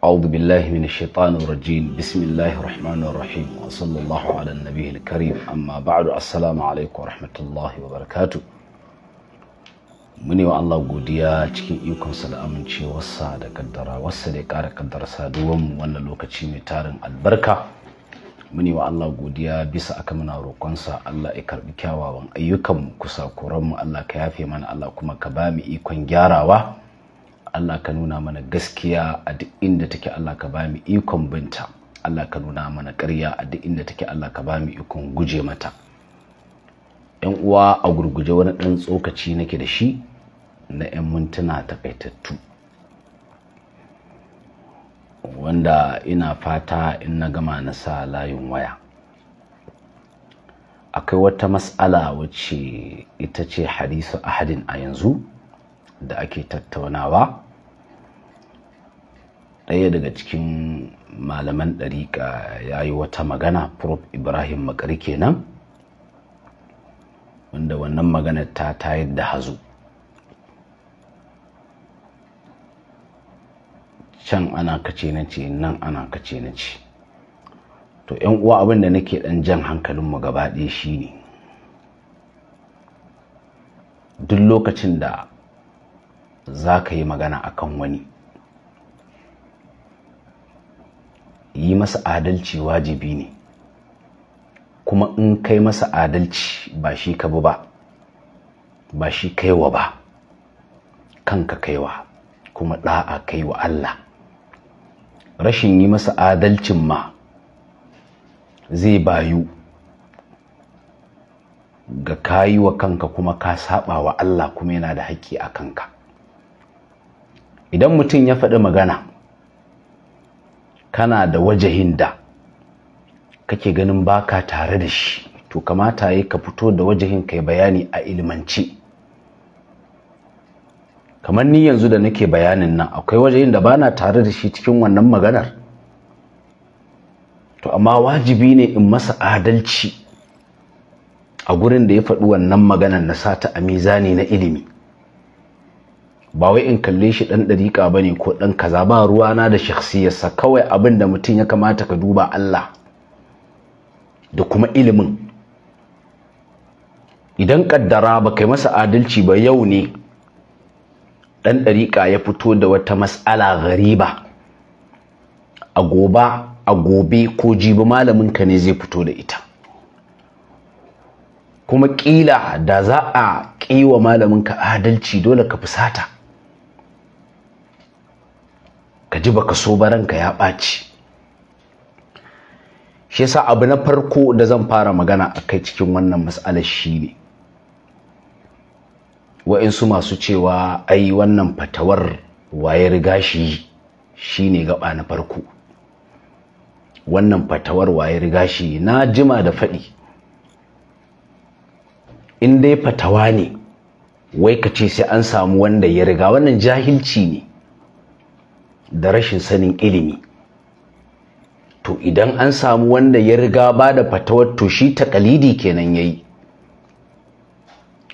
أعوذ بالله من الشيطان الرجيم بسم الله الرحمن الرحيم وصلى الله على النبي الكريم أما بعد السلام عليكم ورحمة الله وبركاته muni wa Allah godiya cikin ikonsa da amincewarsa da kaddara wasa da ya ƙara kaddara saduwan wannan lokaci mai tarin albarka muni wa Allah godiya bisa aka muna roƙonsa Allah ya karbi kyawawan ayyukanmu kusa kuranmu Allah ka yafe mana Allah kuma ka ba mu ikon gyarawa Allah ka nuna mana gaskiya a duk inda take Allah ka ba mu ikon binta Allah ka nuna mana ƙarya a duk inda take Allah ka ba mu ikon guje mata yan uwa a gurguje wani ɗan tsokaci nake da shi na 'yan mintuna takaitattu wanda ina fata in na gama na sa layin waya akwai wata matsala wacce ita ce hadisu ahadin a yanzu da ake tattaunawa ɗaya daga cikin malaman ɗariƙa ya yi wata magana prof ibrahim makari kenan wanda wannan magana ta tayar da hazo can ana kace na ce nan ana kace na ce to yan uwa abin da nake ɗan jan hankalin mu gaba ɗaya ne. duk lokacin da za ka yi magana akan wani yi masa adalci wajibi ne kuma in kai masa adalci ba shi ka bi ba ba shi kaiwa ba kanka kaiwa kuma kai kaiwa Allah rashin yi masa adalcin ma zai bayu ga kayi wa kanka kuma ka saba wa Allah kuma yana da haƙƙi a kanka idan mutum ya faɗi magana kana da wajahin da kake ganin baka tare da shi to kamata yi ka fito da wajahin kai bayani a ilimance kamar ni yanzu da nake bayanin nan akwai wajahin da bana tare da shi cikin wannan maganar to amma wajibi ne in masa adalci a gurin da ya faɗi wannan maganar na sata a mizani na ilimi ba wai in kalle shi dan dariƙa bane ko dan kaza ba ruwa na da shakhsiyarsa kawai abin da mutum ya kamata ka duba Allah da kuma ilimin idan kaddara ba kai masa adalci ba yau ne dan dariƙa ya fito da wata mas'ala gariba a goba a gobe ko jibi malamin ka ne zai fito da ita kuma kila da za a kiwa malamin ka adalci dole ka fusata ka ji baka so ba ranka ya ɓaci shi yasa abu na farko da zan fara magana a kai cikin wannan matsalar shi ne wa'insu masu cewa ai wannan fatawar waye riga shi shi ne gaba na farko wannan fatawar waye riga shi na jima da faɗi in dai fatawa ne wai ka ce sai an samu wanda ya riga wannan jahilci ne da rashin sanin ilimi to idan an samu wanda ya riga ba da fatawar to shi takalidi kenan ya yi.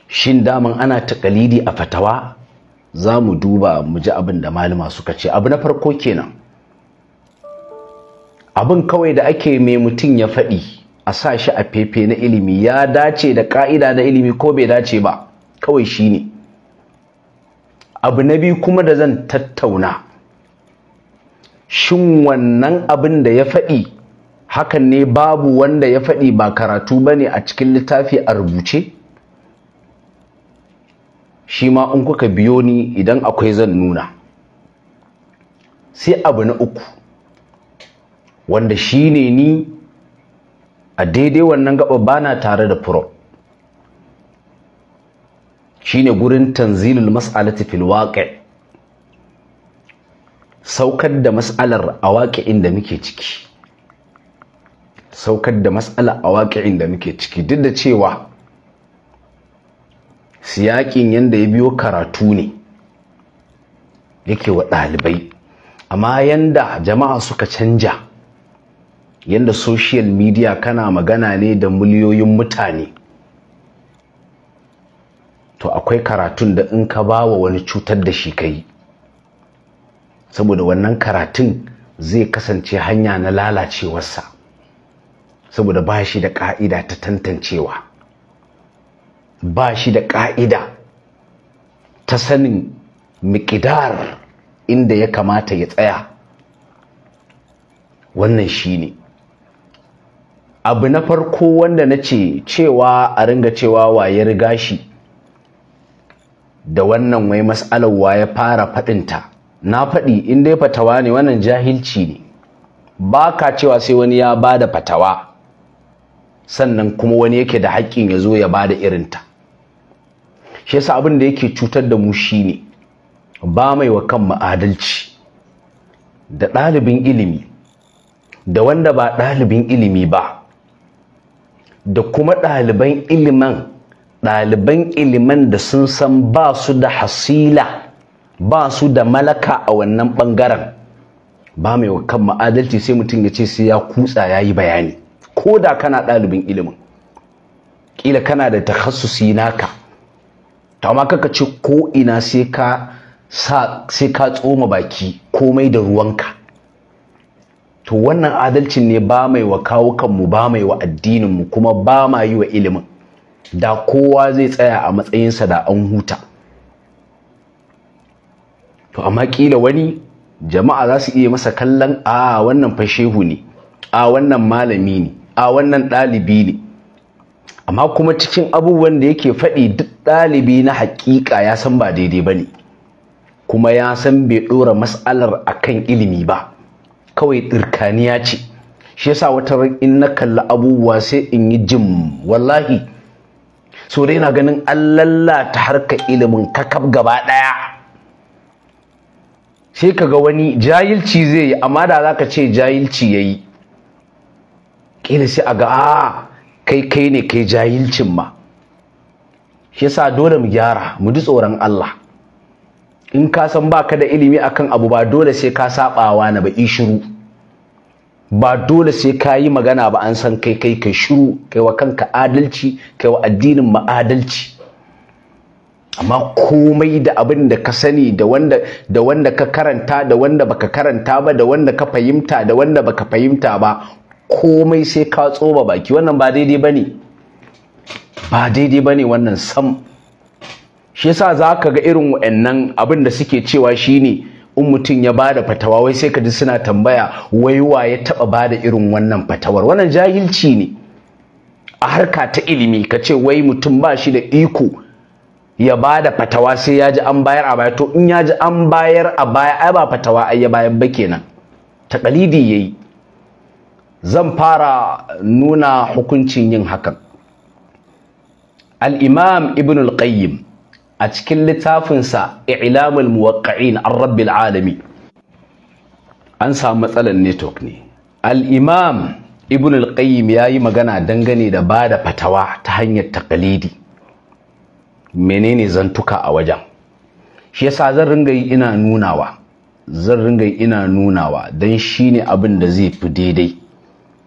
shin daman ana takalidi a fatawa za mu duba mu ji abin da malama suka ce abu na farko kenan abin kawai da ake mai mutum ya faɗi a sa shi a fefe na ilimi ya dace da ƙa'ida na ilimi ko bai dace ba kawai shi ne abu na biyu kuma da zan tattauna shin wannan abin da ya faɗi hakan ne babu wanda ya faɗi ba karatu ba ne a cikin littafi a rubuce shi ma in kuka biyo ni idan akwai zan nuna sai abu na uku wanda shi ne ni a daidai wannan gaba bana tare da Shi ne gurin tanzilul mas'alati fil saukar da matsalar a waƙi'in da muke ciki saukar da matsalar a waƙi'in da muke ciki duk da cewa siyaƙin yadda ya biyo karatu ne yake wa ɗalibai amma yadda jama'a suka canja yadda social media kana magana ne da miliyoyin mutane to akwai karatun da in ka ba wa wani cutar da shi kai saboda wannan karatun zai kasance hanya na lalacewarsa saboda ba shi da ƙa'ida ta tantancewa ba shi da ƙa'ida ta sanin miƙidar inda ya kamata ya tsaya wannan shi ne abu na farko wanda na ce cewa a ringa cewa waye riga shi da wannan wai mas'alar ya fara faɗinta na faɗi in dai fatawa ne wannan jahilci ne ba ka cewa sai wani ya ba da fatawa sannan kuma wani yake da haƙƙin ya zo ya ba da irinta shi yasa abin da yake cutar da mu shi ne ba mai wa kanmu adalci da ɗalibin ilimi da wanda ba ɗalibin ilimi ba da kuma ɗaliban iliman ɗaliban iliman da sun san ba su da hasila ba su da malaka a wannan bangaren ba mai kan ma'adalci sai mutum ya ce sai ya kutsa ya yi bayani ko da kana ɗalibin ilimin ƙila kana da takhassusi naka to amma kaka ce ko ina sai ka sa sai ka tsoma baki komai da ruwanka to wannan adalcin ne ba mai wa kawukanmu ba mai wa addininmu kuma ba ma yi wa ilimin da kowa zai tsaya a matsayinsa da an huta to amma kila wani jama'a za su iya masa kallon a wannan fashehu ne a wannan malami ne a wannan ɗalibi ne amma kuma cikin abubuwan da yake faɗi duk ɗalibi na haƙiƙa ya san ba daidai ba ne kuma ya san bai ɗora mas'alar akan ilimi ba kawai ɗirkaniya ce shi yasa wata ran in na kalli abubuwa sai in yi jim wallahi so dai na ganin an lallata harka ilimin kakaf gaba ɗaya sai ka ga wani jahilci zai yi amma da za ka ce jahilci ya yi ƙila sai a ga a kai kai ne kai jahilcin ma shi sa dole mu gyara mu ji tsoron Allah in ka san baka da ilimi akan abu ba dole sai ka wa na ba shiru ba dole sai ka yi magana ba an san kai kai kai shiru kai wa kanka adalci kai wa addinin mu adalci amma komai da abin da ka sani da wanda ka karanta da wanda baka karanta ba da wanda ka fahimta da wanda baka fahimta ba komai sai ka tsoba baki wannan ba daidai ba ne. ba daidai ba ne wannan sam shi yasa za ka ga irin wa'annan abin da suke cewa shi ne? in mutum ya bada fatawa wai sai ka ji suna tambaya Waiwa ya taɓa bada irin wannan fatawar wannan jahilci ne a harka ta ilimi ka ce wai mutum ba shi da iko ya ba da fatawa sai ya ji an bayar a baya to in ya ji an bayar a baya ai ba fatawa ai ya bayar ba kenan takalidi yayi zan fara nuna hukuncin yin hakan al-imam ibn al-qayyim a cikin littafinsa i'lamul muwaqqi'in ar-rabbil alami an samu matsalar network ne al-imam ibn al-qayyim yayi magana dangane da bada fatawa ta hanyar takalidi menene zantuka a wajen shi yasa zan ringa yi ina nunawa zan ringa ina nunawa don shine abin da zai fi daidai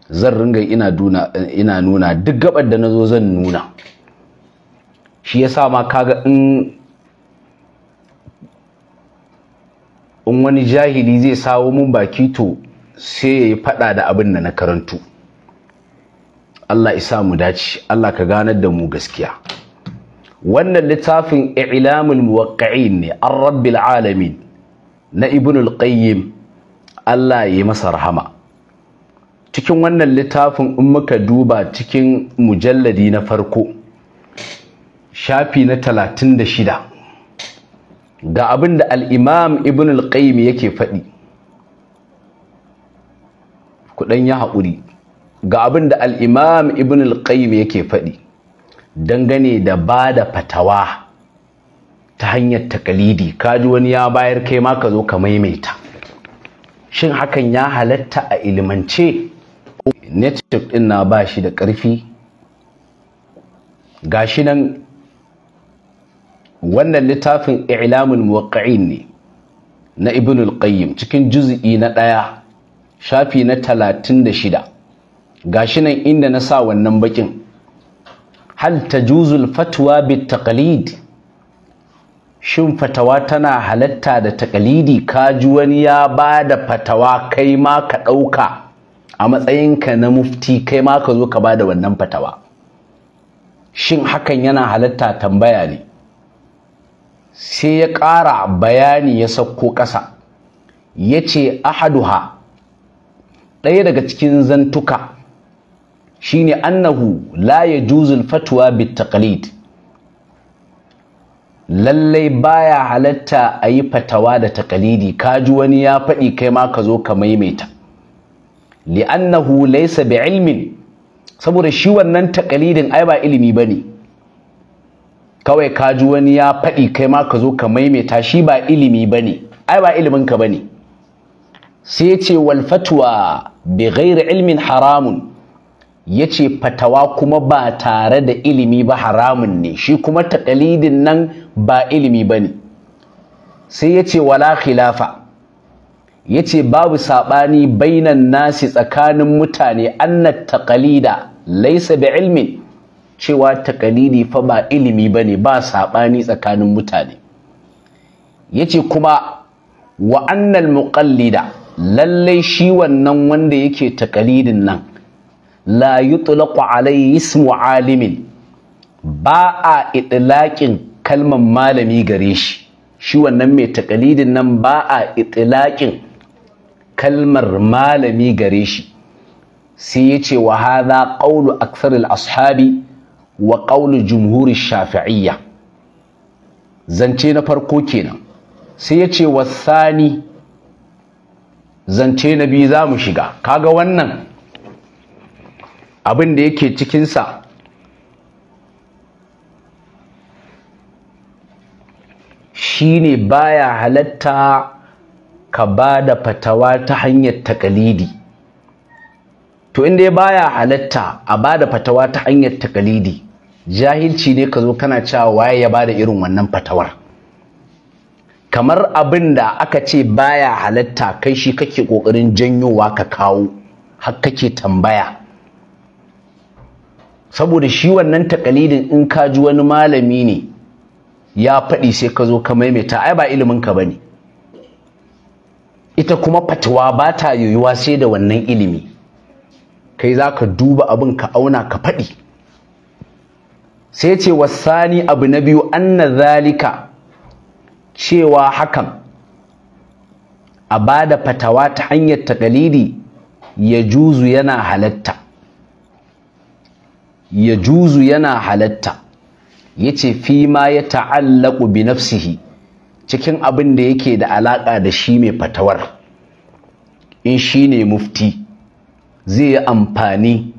zan ringa ina duna ina nuna duk gabar da nazo zan nuna shi yasa ma kaga in in wani jahili zai sawo mun baki to sai ya yi faɗa da abin da na karantu Allah isa mu dace Allah ka ganar da mu gaskiya wannan littafin i'lamul muwaqqi'in ne an rabbil alamin na ibnul qayyim Allah ya yi masa rahama cikin wannan littafin in muka duba cikin mujalladi na farko shafi na 36 ga abin da al-imam ibnul qayyim yake faɗi kudan ya haƙuri ga abin da al-imam ibnul qayyim yake faɗi dangane da ba da fatawa ta hanyar takalidi ji wani ya bayar kai ma ka zo ka maimaita shin hakan ya halatta a ilimance network din na ba shi da ƙarfi gashi nan wannan littafin i'lamul muwaqqi'in ne na ibn al-qayyim cikin juz'i na ɗaya shafi na talatin da shida gashi nan inda na sa wannan bakin hal Juzul, fatwa bit takalidi. shin fatawa tana halatta da takalidi? ka ji wani ya ba da fatawa kai ma ka ɗauka a matsayinka na mufti kai ma ka zo ka ba da wannan fatawa shin hakan yana halatta tambaya ne sai ya ƙara bayani ya sauko ƙasa ya ce ahaduha ɗaya daga cikin zantuka shine annahu la ya juzul fatwa bit lallai baya halatta a yi fatawa da takalidi kaji wani ya faɗi kai ma ka zo ka maimaita li'annahu laysa bi'ilmin saboda shi wannan takalidin ai ba ilimi bane kawai kaji wani ya faɗi kai ma ka zo ka maimaita shi ba ilimi bane ai ba ilimin ka bane sai ce wal fatwa bi ghairi ilmin haramun ya ce fatawa kuma ba tare da ilimi ba haramun ne shi kuma taƙalidin nan ba ilimi ba ne sai ya ce wala khilafa ya ce babu saɓani bainan nasi tsakanin mutane anna taƙalida laisa bi ilmin cewa taƙalidi fa ba ilimi ba ne ba saɓani tsakanin mutane ya ce kuma wa annal muƙallida lallai shi wannan wanda yake taƙalidin nan la yutlaqu alayhi ismu alimin ba a itlaqin kalmar malami gare shi shi wannan mai taqalidin nan ba a itlaqin kalmar malami gare shi sai yace wa hadha qawlu al ashabi wa qawlu al shafi'iyya zance na farko kenan sai yace wasani zance na biyu zamu shiga kaga wannan abin da yake cikinsa shine baya halatta ka ba da fatawa ta hanyar takalidi to inda ya baya halatta a ba da fatawa ta hanyar takalidi jahilci ne ka zo kana cewa waye ya ba da irin wannan fatawar kamar abin da aka ce baya halatta kai shi kake ƙoƙarin janyowa ka kawo har kake tambaya saboda shi wannan takalidin in ka ji wani malami ne ya faɗi sai ka zo ka maimaita ai ba ilimin ka bane ita kuma fatawa ba ta yiwuwa sai da wannan ilimi kai za ka duba abin ka auna ka faɗi sai ce wasani abu na biyu anna zalika cewa hakan a ba da fatawa ta hanyar takalidi ya juzu yana halatta ya juzu yana halatta ya ce fi ma ya ta'allaku bi nafsihi cikin abin da yake da alaƙa da shi mai fatawar in shi ne mufti zai yi amfani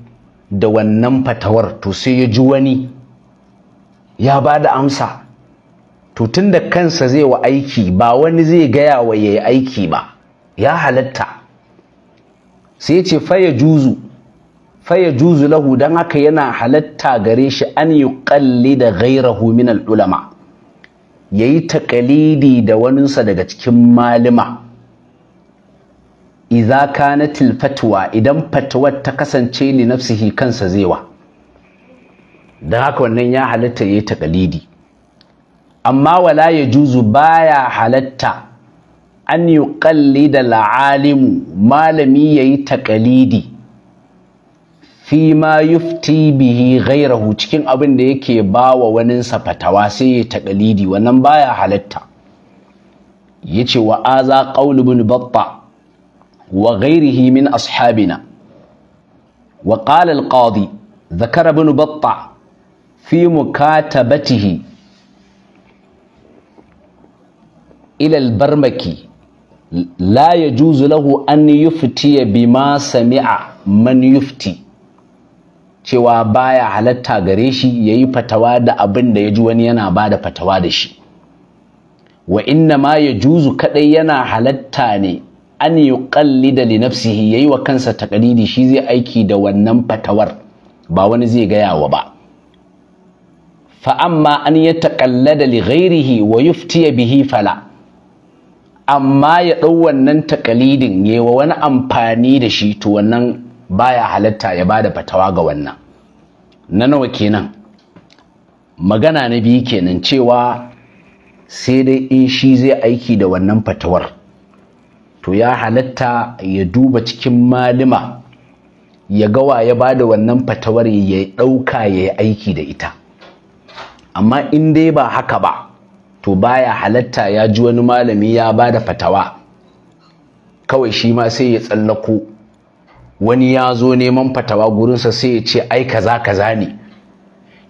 da wannan fatawar to sai ya ji wani ya ba da amsa to tun da kansa zai wa aiki ba wani zai gaya wa ya yi aiki ba ya halatta sai ce fa juzu faya juzu lahu don haka yana halatta gare shi an yi kalli da gairahu min al'ulama ya yi taƙalidi da waninsa daga cikin malima iza kanatil fatwa idan fatwar ta kasance li nafsihi kansa zewa don haka wannan ya halatta ya yi taƙalidi amma wala ya juzu baya halatta an yi kalli da la'alimu malami ya yi taƙalidi fi ma yufti bihi ghairahu cikin abin da yake ba wa waninsa fatawa sai ya taƙalidi wannan baya halatta ya ce wa aza ƙaulu bin batta wa ghairihi min ashabina wa qala al-qadi zakara bin batta fi mukatabatihi ila al-barmaki la yajuzu lahu an yuftiya bima sami'a man yufti cewa baya halatta gare shi ya yi fatawa da abin da ya ji wani yana ba da fatawa da shi wa inna ma ya juzu kaɗai yana halatta ne an yi ƙalli da linafsihi ya yi wa kansa takalidi shi zai aiki da wannan fatawar ba wani zai gaya wa ba fa'amma an yi taƙallada da ligairihi wa ya bihi fala amma ya ɗau wannan takalidin, ya yi wa wani amfani da shi to wannan baya halatta ya bada fatawa ga wannan na nawa kenan magana na biyu kenan cewa sai dai in shi zai aiki da wannan fatawar to ya halatta ya duba cikin malima ya gawa ya bada wannan fatawar ya ɗauka ya yi aiki da ita amma in dai ba haka ba to baya halatta ya ji wani malami ya bada fatawa kawai shi ma sai ya tsallako wani ya zo neman fatawa gurinsa sai ya ce ai kaza kaza ne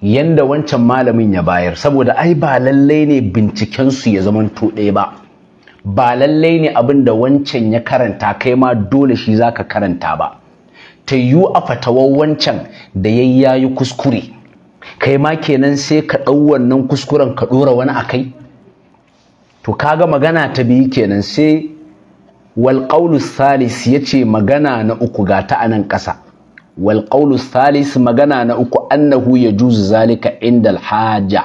yanda wancan malamin ya bayar saboda ai ba lallai ne bincikensu ya zama ɗaya ba ba lallai ne abin da wancan ya karanta kai ma dole shi za ka karanta ba ta yiwu a fatawar wancan da ya yi kuskure kai ma kenan sai ka ɗau wannan kuskuren ka ɗora wani a kai to kaga magana ta biyu kenan sai walƙaulu qawlu salis yace magana na uku ga ta anan ƙasa walƙaulu salis magana na uku annahu juzu zalika inda haja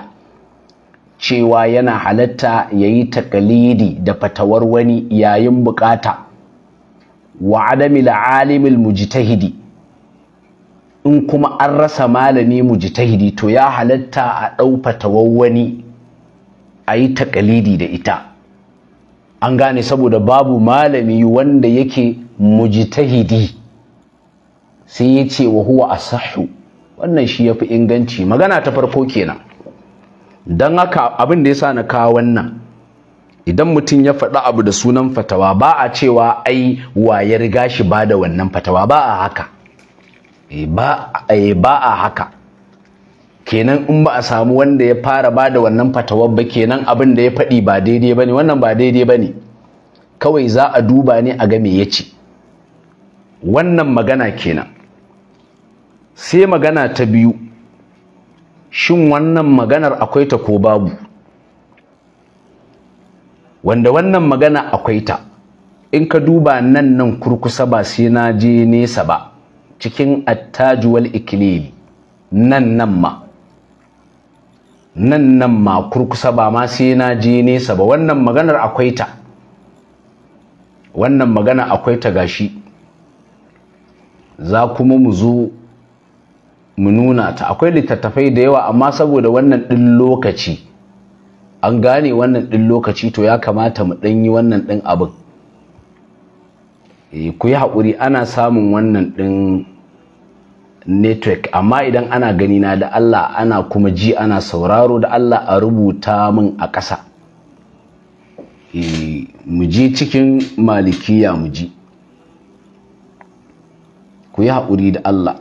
cewa yana halatta yayi takalidi da fatawar wani yayin bukata wa adami la'alimil mujtahidi in kuma an rasa malami mujtahidi to ya halatta a ɗau fatawar wani a yi takalidi da ita an gane saboda babu malami wanda yake mujtahidi sai ya ce wa huwa asahu wannan shi yafi inganci magana ta farko kenan dan haka abin da yasa na kawo wannan idan mutum ya faɗi abu da sunan fatawa ba a cewa ai wa ya riga shi ba da wannan fatawa ba a haka eh, eh, ba a haka kenan in ba a samu wanda ya fara ba da wannan fatawar ba kenan abin da ya faɗi ba daidai ba ne wannan ba daidai ba ne kawai za a duba ne a game me ya ce wannan magana kenan sai magana ta biyu shin wannan maganar akwai ta ko babu wanda wannan magana akwai ta in ka duba nan nan kurkusa ba sai na je nesa ba cikin attajuwal ikilili nan nan ma nan nan ma kurkusa ba ma sai na je nesa ba wannan maganar akwai ta wannan magana akwai ta gashi za kuma mu zo mu nuna ta akwai littattafai da yawa amma saboda wannan ɗin lokaci an gane wannan ɗin lokaci to ya kamata mu ɗanyi yi wannan ɗin abin eh, ku yi haƙuri ana samun wannan ɗin network amma idan ana gani na da Allah ana kuma ji ana sauraro da Allah a rubuta min a ƙasa eh, mu ji cikin malikiya mu ji ku yi haƙuri da Allah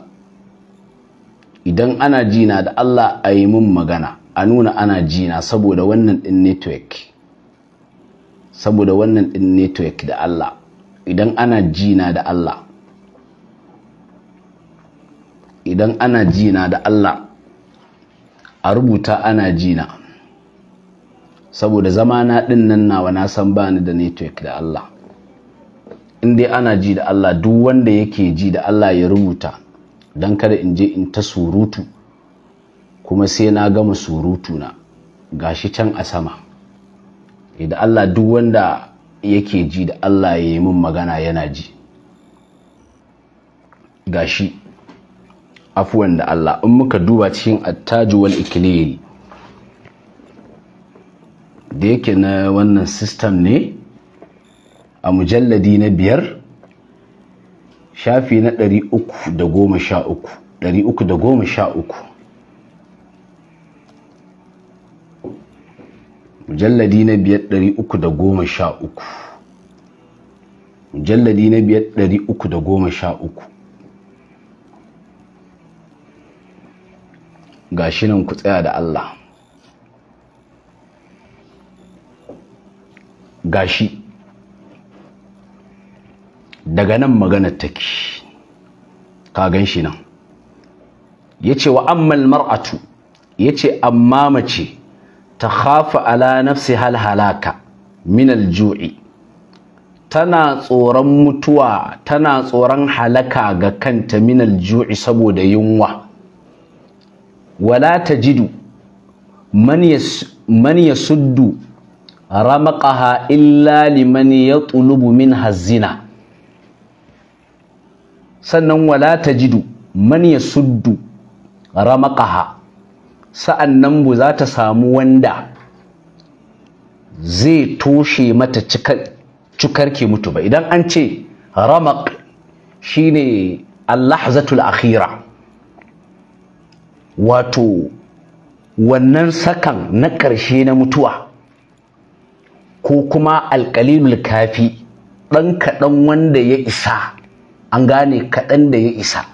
idan ana ji na da Allah a yi min magana a nuna ana ji na saboda wannan ɗin network saboda wannan ɗin network da Allah idan ana ji na da Allah idan ana jina da Allah a rubuta ana jina saboda zama na ɗin nan nawa na san bani da network da Allah in dai ana ji da Allah duk wanda yake ji da Allah ya rubuta don kada in je in ta surutu kuma sai na gama surutu na gashi can a sama idan eh, Allah duk wanda yake ji da Allah ya yi min magana yana ji gashi afuwan da Allah in muka duba cikin attaju wal ikilil da yake na wannan system ne a mujalladi na biyar shafi na ɗari uku da goma sha uku ɗari uku da goma sha uku mujalladi na biyar ɗari uku da goma sha uku mujalladi na biyar ɗari uku da goma sha uku shi nan ku tsaya da Allah gashi daga nan maganar take ka gan shi nan yace wa ammal mar'atu yace amma mace ta khafa ala nafsi hal halaka min al-ju'i tana tsoron mutuwa tana tsoron halaka ga kanta min al-ju'i saboda yunwa wala jidu, man yasuddu ramaqaha illa liman yatlubu min hazina sannan wala jidu, man yasuddu sa'an sa'annan bu za ta samu wanda zai toshe mata ke mutu ba idan an ce ramaq shine allahzatul akhira wato wannan sakan na ƙarshe na mutuwa ko kuma alƙalilul kafi ɗan kaɗan wanda ya isa an gane kaɗan da ya isa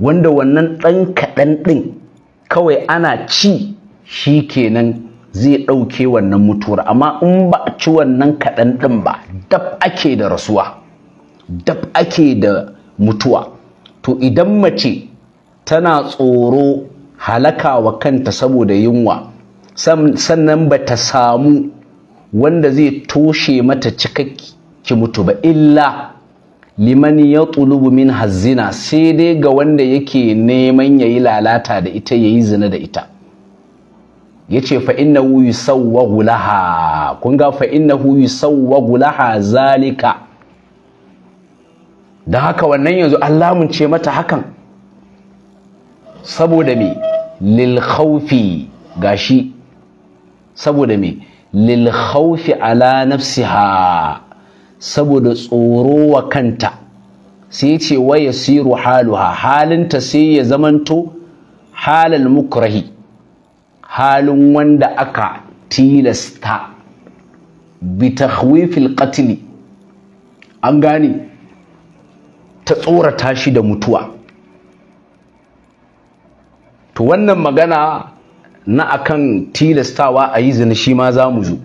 wanda wannan ɗan kaɗan ɗin kawai ana ci shi kenan zai ɗauke wannan mutuwar amma in ba a ci wannan kaɗan ɗin ba dab ake da rasuwa dab ake da mutuwa to idan mace tana tsoro halaka wa kanta saboda yunwa sannan ba ta samu wanda zai toshe mata cikakki mutu ba illa liman ya tulubu min hazina. sai dai ga wanda yake neman ya yi lalata da ita ya yi zina da ita ya ce fa'innahu yi sauwagu laha kun ga yi sauwagu laha zalika da haka wannan yanzu an ce mata hakan saboda me lil khawfi gashi saboda me lil ala nafsiha saboda tsoro wa kanta sai ce wa yasiru haluha halinta sai ya zamanto halal mukrahi halin wanda aka tilasta bi takhwifil qatli an gane ta tsorata shi da mutuwa to wannan magana na akan tilastawa a yi zina shi ma za mu zo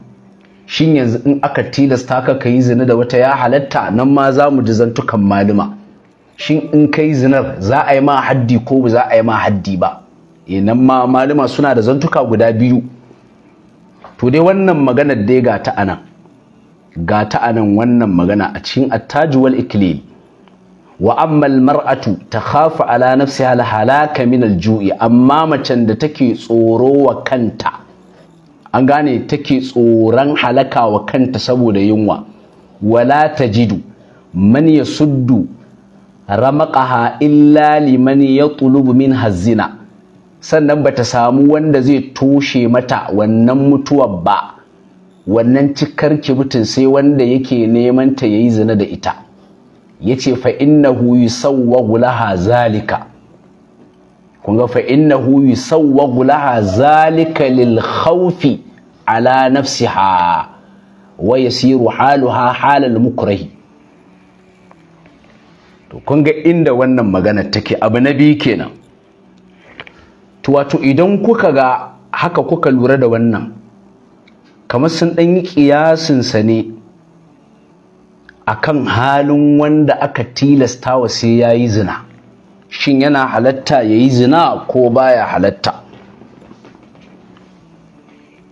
shin yanzu in aka tilasta ka ka yi zina da wata ya halatta nan ma za mu ji zantukan maluma shin in ka yi zinar za a yi ma haddi ko ba za a yi ma haddi ba e nan ma malima suna da zantuka guda biyu to dai wannan maganar dai ga ta anan ga ta anan wannan magana a cikin attajuwal ikilili. wa ammal mar'atu takhafu ala nafsiha halaka min al-ju'i amma macen da take tsoro wa kanta an gane take tsoron halaka wa kanta saboda yunwa wala tajidu man yasuddu ramaqaha illa liman yatlubu min hazina sannan bata samu wanda zai toshe mata wannan mutuwar ba wannan cikar kibitin sai wanda yake neman ta yayi zina da ita yace fa innahu yusawwagu laha zalika kun ga fa innahu yusawwagu laha zalika lil khawfi ala nafsiha wa yasiru haluha halal mukrahi to kun ga inda wannan magana take abu na biyu kenan to wato idan kuka ga haka kuka lura da wannan kamar sun ɗan yi ƙiyasinsa ne akan halin wanda aka tilasta wa sai ya yi zina shin yana halatta ya yi zina ko baya halatta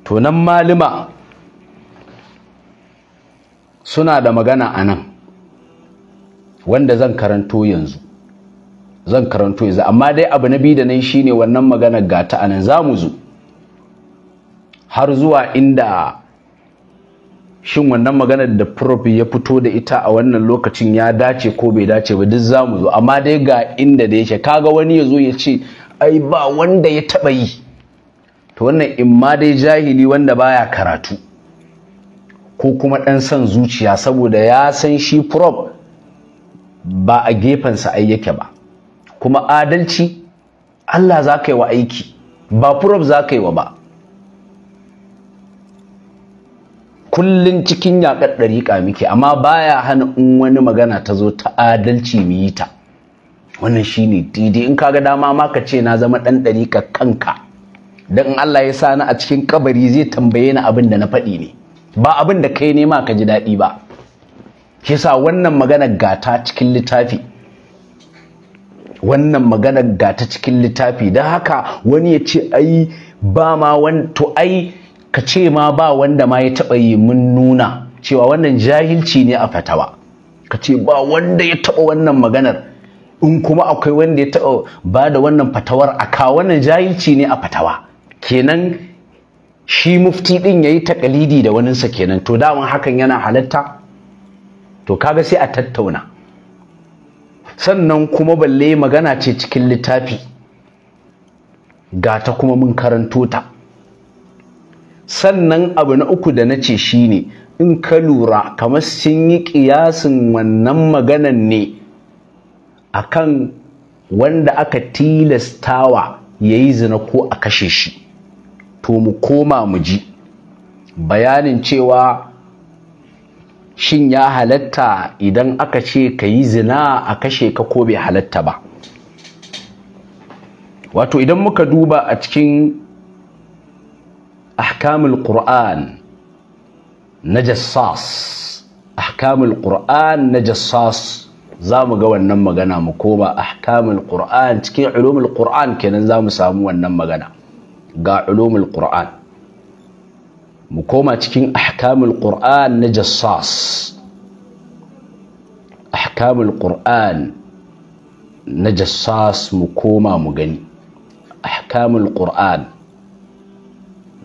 tunan malima suna da magana a nan wanda zan karanto yanzu zan karanto yanzu amma dai abu na biyu da nan shine wannan maganar gata a nan za mu zo har zuwa inda shin wannan maganar da prof ya fito da ita a wannan lokacin ya dace ko bai dace ba duk za mu zo amma dai ga inda da yake kaga wani ya zo ya ce ai ba wanda ya taɓa yi to wannan in ma dai jahili wanda baya karatu ko kuma ɗan son zuciya saboda ya san shi prof ba a gefensa ai yake ba kuma adalci Allah za ka yi wa aiki ba prof za ka yi wa ba kullun cikin yaƙar ɗariƙa muke amma baya hana in wani magana ta zo ta adalci mu yi ta wannan shine daidai in kaga dama ma ka ce na zama ɗan ɗariƙa kanka Don in Allah ya sa ni a cikin kabari zai tambaye ni abin da na faɗi ne ba abin da kai nema ka ji daɗi ba kisa wannan magana gata cikin littafi wannan magana gata cikin littafi don haka wani ya ce ai ba ma wani to ai ka ce ma ba wanda ma ya taɓa yi mun nuna cewa wannan jahilci ne a fatawa ka ce ba wanda ya taɓa wannan maganar in kuma akwai wanda ya taɓa ba da wannan fatawar a ka wannan jahilci ne a fatawa kenan shi mufti ɗin ya yi taƙalidi da waninsa kenan to daman hakan yana halatta to kaga sai a tattauna sannan kuma balle magana ce cikin littafi ga ta kuma mun karanto ta sannan abu na uku da na ce shine in ka lura kamar sun yi ƙiyasin wannan maganan ne a kan wanda aka tilastawa ya yi zina ko a kashe shi to mu koma mu ji bayanin cewa shin ya halatta idan aka ce ka yi zina a kashe ka ko bai halatta ba wato idan muka duba a cikin ahkamul qur'an na jassas ahkamul na jassas za mu ga wannan magana mu koma ahkamul qur'an cikin ulumul qur'an kenan za mu samu wannan magana ga ulumul qur'an mu koma cikin ahkamul qur'an na jassas ahkamul mu koma mu gani ahkamul qur'an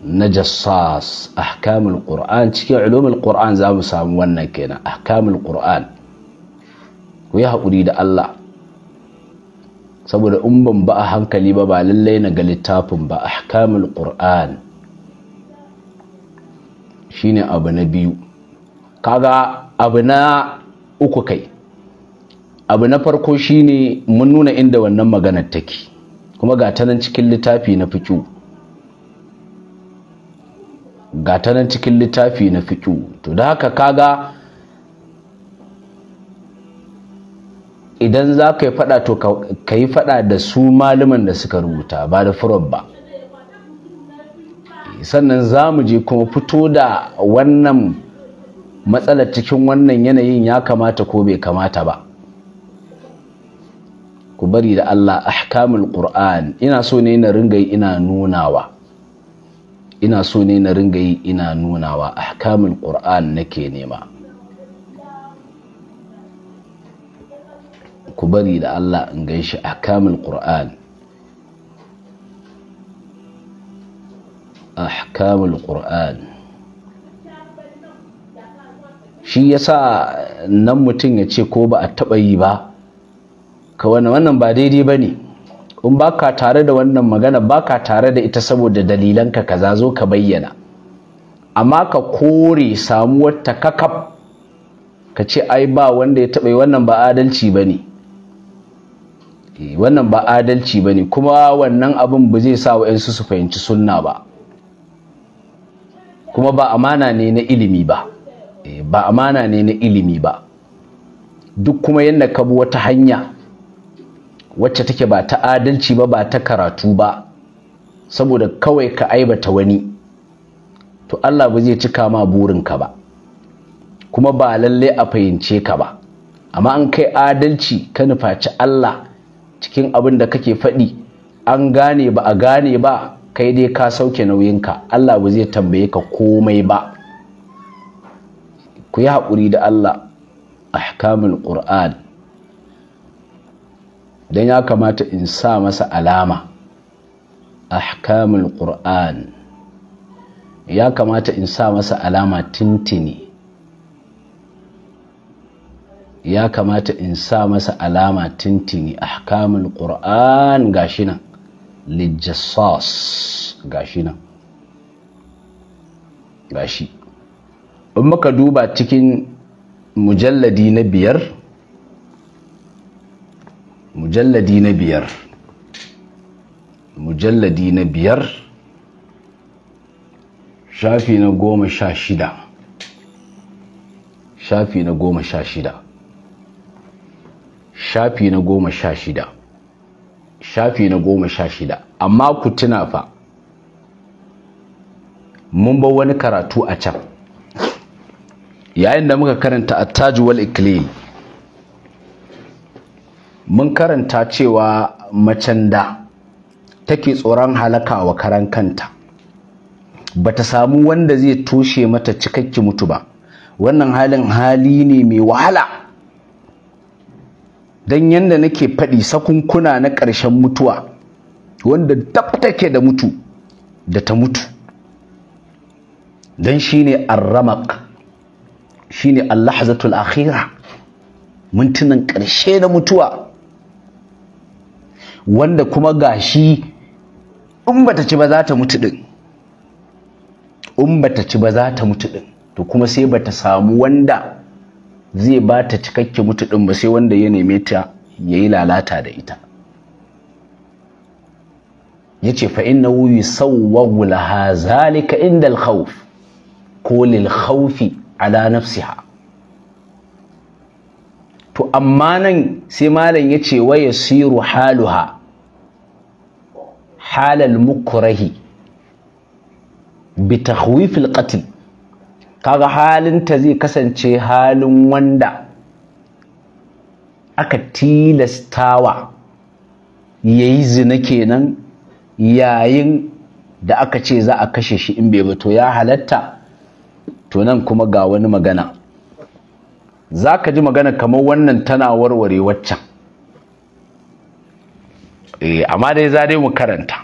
na jassas ahkamul qur'an cikin ulumul qur'an za mu samu wannan kenan ahkamul qur'an ku yi haƙuri da Allah saboda in ban ba a hankali ba ba lallai na ga littafin ba ahkamul qur'an shine abu na biyu kaga abu na uku kai abu na farko shine mun nuna inda wannan maganar take kuma ga ta cikin littafi na fikiyu ga ta nan cikin littafi na fiƙi to da haka kaga idan za ka yi faɗa to ka yi faɗa da su malaman da suka rubuta ba da furob ba sannan za mu je kuma fito da wannan matsalar cikin wannan yanayin ya kamata ko bai kamata ba ku bari da Allah ahkamul Qur'an ina so ne na ringa ina nunawa ina so ne na ringa yi ina nunawa ahkamul qur'an nake nema ku bari da Allah in gaishe ahkamul qur'an ahkamul qur'an shi yasa nan mutum ya ce ko ba a taɓa yi ba ka wannan ba daidai ba ne in ba ka tare da wannan magana ba ka tare da ita saboda dalilan ka kaza zo ka bayyana amma ka kore samuwar ta kakaf ka ce ai ba wanda ya taɓa wannan ba adalci ba ne eh, wannan ba adalci ba ne kuma wannan abin ba zai sa wa'yansu su fahimci sunna ba kuma ba amana ne na ilimi ba eh, ba amana ne na ilimi ba duk kuma yadda ka bi wata hanya wacce take ba ta adalci ba ba ta karatu ba saboda kawai ka aibata wani to Allah ba zai cika ma burinka ba kuma ba lalle a fahimce ka ba amma an kai adalci ka nufaci Allah cikin abin da kake faɗi an gane ba a gane ba kai dai ka sauke nauyinka Allah ba zai tambaye ka komai ba ku yi haƙuri da Allah ahkamul Qur'an don ya kamata in sa masa alama ahkamul qur'an ya kamata in sa masa alama tintini ya kamata in sa masa alama tintini ahkamul qur'an gashi nan ga gashi nan gashi in muka duba cikin mujalladi na biyar mujalladi na biyar mujalladi na biyar shafi na goma sha shida shafi na goma sha shida shafi na goma sha shida shafi na goma sha shida amma ku tuna fa mun bar wani karatu a can yayin da muka karanta attajuwal ikilili mun karanta cewa macen da take tsoron halaka wa karan kanta bata samu wanda zai toshe mata cikakki mutu ba wannan halin hali ne mai wahala don yadda nake faɗi sakunkuna na ƙarshen mutuwa wanda dab take da mutu da ta mutu don shi ne arramak shi ne allahzatul akhira mintunan ƙarshe na mutuwa wanda kuma gashi in bata ci ba za ta mutu din in bata ci ba za ta mutu din to kuma sai bata samu wanda zai ba ta cikakke mutu din ba sai wanda ya neme ta ya yi lalata da ita yace fa innahu yusawwagu laha zalika inda al-khawf ko lil khawfi ala nafsiha to amma nan sai malam ya ce wa siru haluha halal mukrahi bi takhwifil qatl kaga halin ta zai kasance halin wanda aka tilastawa yayi zina kenan yayin da aka ce za a kashe shi in bai ba to ya halatta to nan kuma ga wani magana za ka ji magana kamar wannan tana warware waccan eh, amma dai za dai mu karanta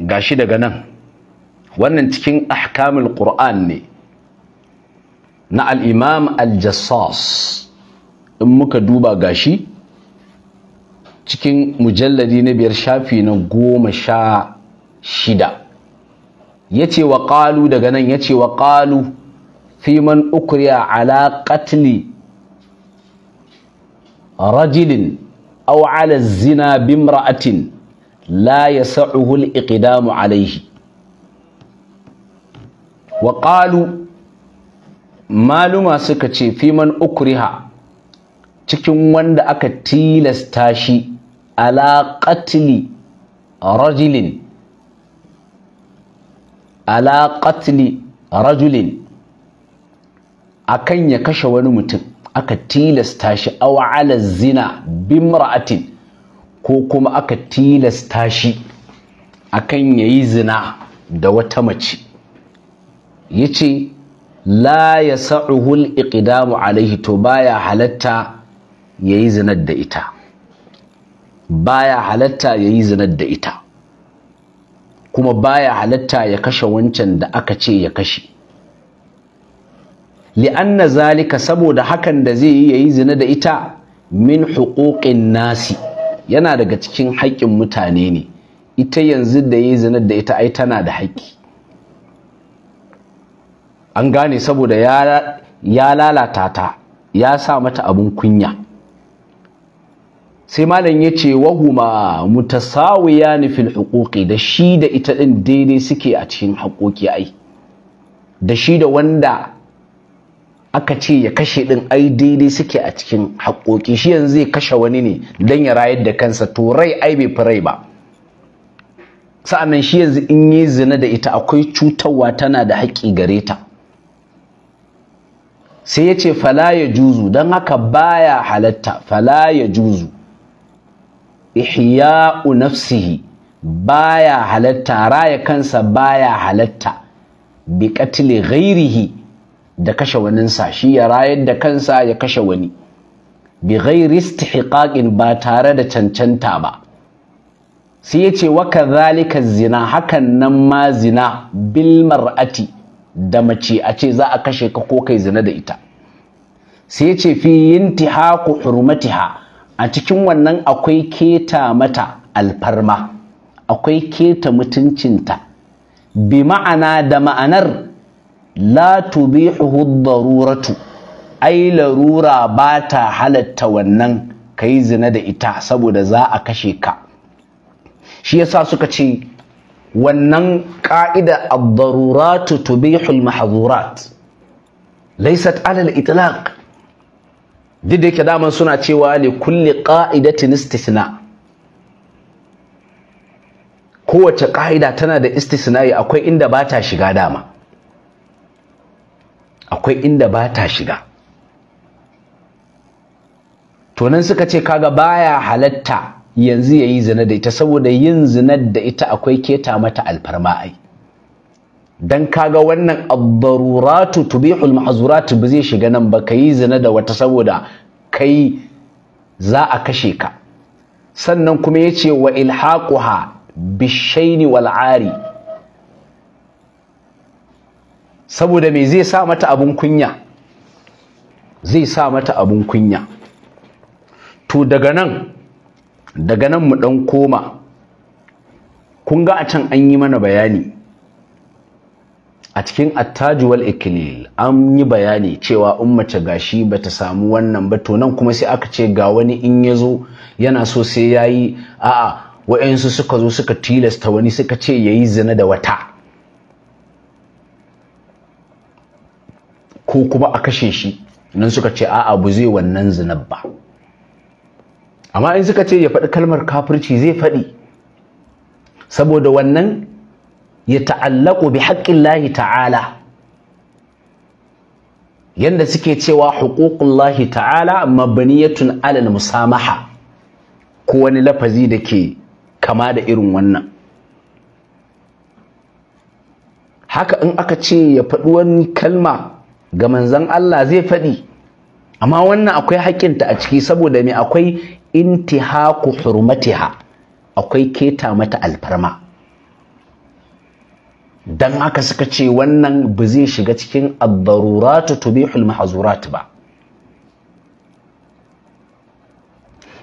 gashi daga nan wannan cikin ahkamul qur'an ne na al-imam al-jassas in muka duba gashi cikin mujalladi na biyar shafi na goma sha shida ya ce wa qalu daga nan yace ce wa qalu Fiman man ukriya ala qatli rajulin aw ala zina la yas'uhu al-iqdamu alayhi wa qalu maluma suka ce fiman man ukriha cikin wanda aka tilasta shi ala qatli rajulin akan ya kashe wani mutum aka tilasta shi awa ala zina bimra'atin ko kuma aka tilasta shi akan ya yi zina da wata mace ya ce la ya sa'uhul iqdamu alaihi to baya halatta ya yi zinar da ita baya halatta ya yi zinar da ita kuma baya halatta ya kashe wancan da aka ce ya kashe li'anna zalika saboda hakan da zai yi yayi zina da ita min huquqin nasi yana daga cikin haƙƙin mutane ne ita yanzu da yi zina da ita ai tana da haƙƙi an gane saboda ya ya lalata ta ya sa mata abun kunya sai malam ya ce wahuma mutasawiyan fil huquqi da shi da ita din daidai suke a cikin haƙoƙi ai da shi da wanda aka ce ya kashe ɗin ai daidai suke a cikin haƙoƙi shi yanzu zai kashe wani ne don ya rayar da kansa to rai ai bai fi rai ba sa'annan shi yanzu in yi zina da ita akwai cutarwa tana da haƙƙi gare ta sai ya ce fala ya juzu don haka baya halatta fala ya juzu ihya'u nafsihi baya halatta raya kansa baya halatta bi katili ghairihi da kashe wani shi ya rayar da kansa ya kashe wani bi ghairi istihqaqin ba tare da cancanta ba sai ya ce wa zalika zina hakan nan ma zina bil mar'ati da mace a ce za a kashe ka ko kai zina da ita sai ya ce fi intihaqu hurmatiha a cikin wannan akwai keta mata alfarma akwai keta mutuncinta bi ma'ana da ma'anar la tubihu daruratu ai larura ba ta halatta wannan ka yi zina da ita saboda za a kashe ka shi yasa suka ce wannan ƙa'ida ad-daruratu tubihu al-mahdhurat laysat ala al-itlaq duk da suna cewa ne kulli qa'idatin istisna kowace ƙa'ida tana da istisna'i akwai inda ba ta shiga dama akwai inda ba ta shiga Tonan suka ce kaga baya halatta yanzu ya yi zina da ita saboda yin zinar da ita akwai keta mata alfarma ai dan kaga wannan abbaruratu tubihul ma'azuratu ba zai shiga nan ba Ka yi zina da wata saboda kai za a kashe ka sannan kuma ya ce wa ilhaquha bishaini Wal'ari. saboda me zai sa mata abun kunya zai sa mata abun kunya to daga nan daga nan mu dan koma kun ga a can an yi mana bayani a cikin attajuwal ikilil an yi bayani cewa in mace gashi bata samu wannan ba to nan kuma sai aka ce ga wani in ya zo yana so sai yayi a'a wa'yansu suka zo suka tilasta wani suka ce yayi zina da wata ko kuma a kashe shi nan suka ce a'a bu zai wannan zinab ba amma in suka ce ya faɗi kalmar kafirci zai faɗi saboda wannan ya ta'allaku bi haƙƙin lahi ta'ala yanda suke cewa lahi ta'ala mabniyatun alal musamaha ko wani lafazi da ke kama da irin wannan haka in aka ce ya faɗi wani kalma ga manzon Allah zai faɗi amma wannan akwai haƙƙinta a ciki saboda me akwai intihaku hurmatiha akwai keta mata alfarma dan haka suka ce wannan ba zai shiga cikin ad-daruratu tubihul mahzurat ba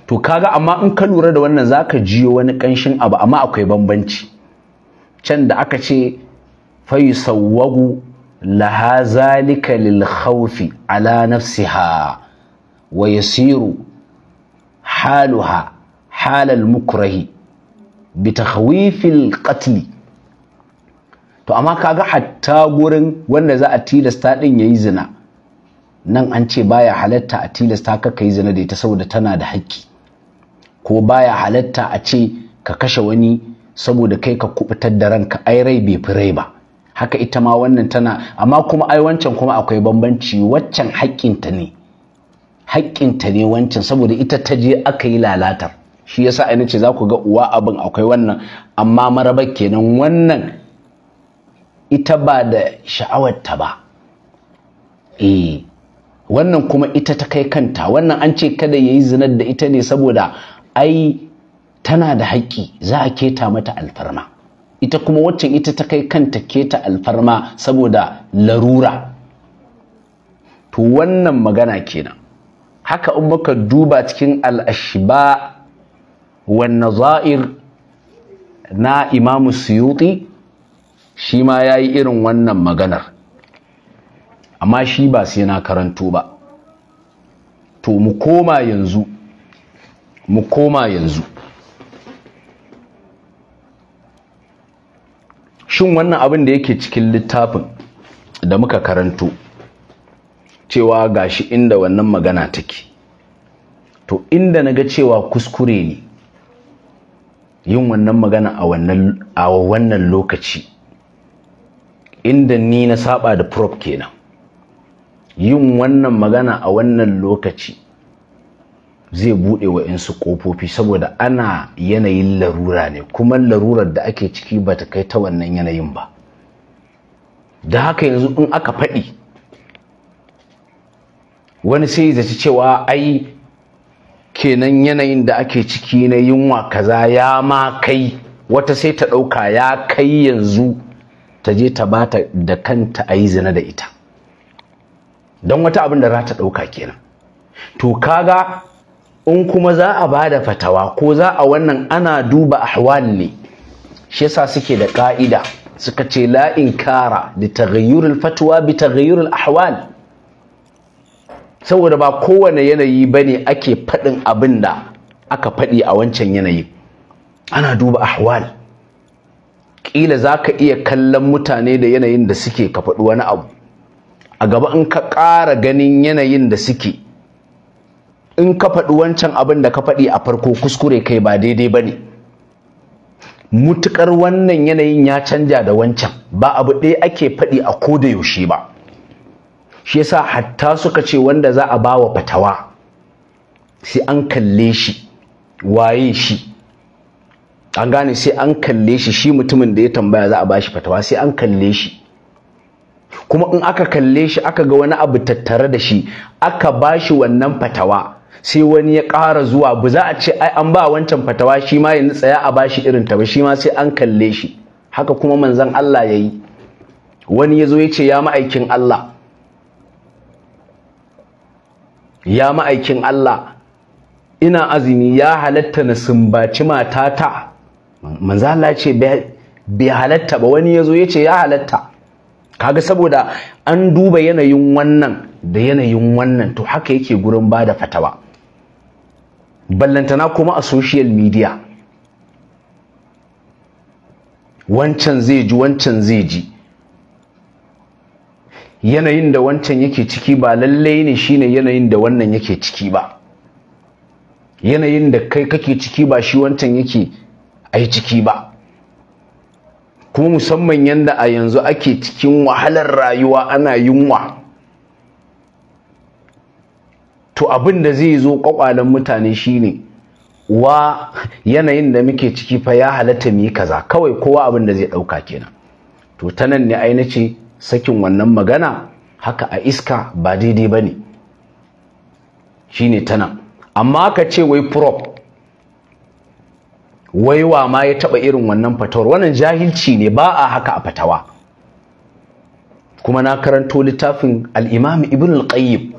to kaga amma in ka lura da wannan zaka jiyo wani kanshin abu amma akwai bambanci can da aka ce fa yusawwagu laha zalika lil khawfi ala nafsiha wa yasiru haluha halal mukrahi bi takhwifil qatli to amma kaga hatta gurin wanda za a tilasta din yayi zina nan an ce baya halatta a tilasta ka kai zina da ita saboda tana da haƙƙi ko baya halatta a ce ka kashe wani saboda kai ka kubutar da ranka ai rai bai fi rai ba haka ita ma wannan tana amma kuma ai wancan kuma akwai bambanci waccan haƙƙinta ne haƙƙinta ne wancan saboda ita ta je aka yi lalatar shi yasa ai ce za ku ga uwa abin akwai wannan amma maraba kenan wannan ita ba da sha'awarta ba e wannan kuma ita ta kai kanta wannan an ce kada yayi zinar da ita ne saboda ai tana da haƙƙi za a keta mata alfarma ita kuma waccan ita ta kai kanta keta alfarma saboda larura to wannan magana kenan haka in muka duba cikin al'ashiba wanne za'ir na imamu suyuti shi ma ya yi irin wannan maganar amma shi ba sai na karanto ba to mu koma yanzu mu koma yanzu shin wannan abin da yake cikin littafin da muka karanto cewa gashi inda wannan magana take to inda na ga cewa kuskure ne yin wannan magana a wannan lokaci inda ni na saba da prop kenan yin wannan magana a wannan lokaci zai buɗe wa'insu kofofi saboda ana yanayin larura ne kuma larurar da ake ciki ba ta kai ta wannan yanayin ba da haka yanzu in aka faɗi wani sai zaci cewa ai kenan yanayin da ake ciki na yunwa kaza ya ma kai wata sai ta ɗauka ya kai yanzu ta je ta bata da kanta a yi zina da ita don wata abin da za ta ɗauka kenan to kaga in kuma za a ba da fatawa ko za a wannan ana duba ahwal ne shi yasa suke da ka'ida suka ce la inkara da taghayyurul fatwa bi taghayyurul ahwal saboda ba kowane yanayi bane ake faɗin abin da aka faɗi a wancan yanayi ana duba ahwal kila za ka iya kallon mutane da yanayin da suke ka faɗi wani abu a gaba in ka ƙara ganin yanayin da suke in ka faɗi wancan abin da ka faɗi a farko kuskure kai ba daidai ba ne Mutuƙar wannan yanayin ya canja da wancan ba abu ɗaya ake faɗi a ko da yaushe ba shi yasa hatta suka ce wanda za a bawa fatawa sai an kalle shi waye shi an gane sai an kalle shi shi mutumin da ya tambaya za a ba shi fatawa sai an kalle shi kuma in aka kalle shi aka ga wani abu tattare da shi aka ba shi wannan fatawa sai wani ya ƙara zuwa ba za a ce ai an ba wancan fatawa shi ma yanzu tsaya a bashi irin ta ba shi ma sai an kalle shi haka kuma manzon Allah ya yi? wani zo ya ce ya ma'aikin Allah ya ma'aikin Allah ina azumi ya halatta na sumbaci matata manzo Allah ce bai halatta ba wani ya yace ya halatta kaga saboda an duba yanayin wannan da yanayin wannan to haka yake gurin bada fatawa ballantana kuma a social media wancan zai ji wancan zai ji yanayin da wancan yake ciki ba lallai ne shine yanayin da wannan yake ciki ba yanayin da kai kake ciki ba shi wancan yake ai ciki ba kuma musamman yanda a yanzu ake cikin wahalar rayuwa ana yunwa to abin da zai zo kwakwalen mutane shine wa yanayin da muke ciki fa ya halatta mu yi kaza kawai kowa abin da zai ɗauka kenan to ta nan ne ai ce sakin wannan magana haka a iska ba daidai bane shine ta nan amma ka ce wai prop wai wa ma ya taɓa irin wannan fatawar wannan jahilci ne ba a haka a fatawa kuma na karanto littafin al-imam ibn al-qayyim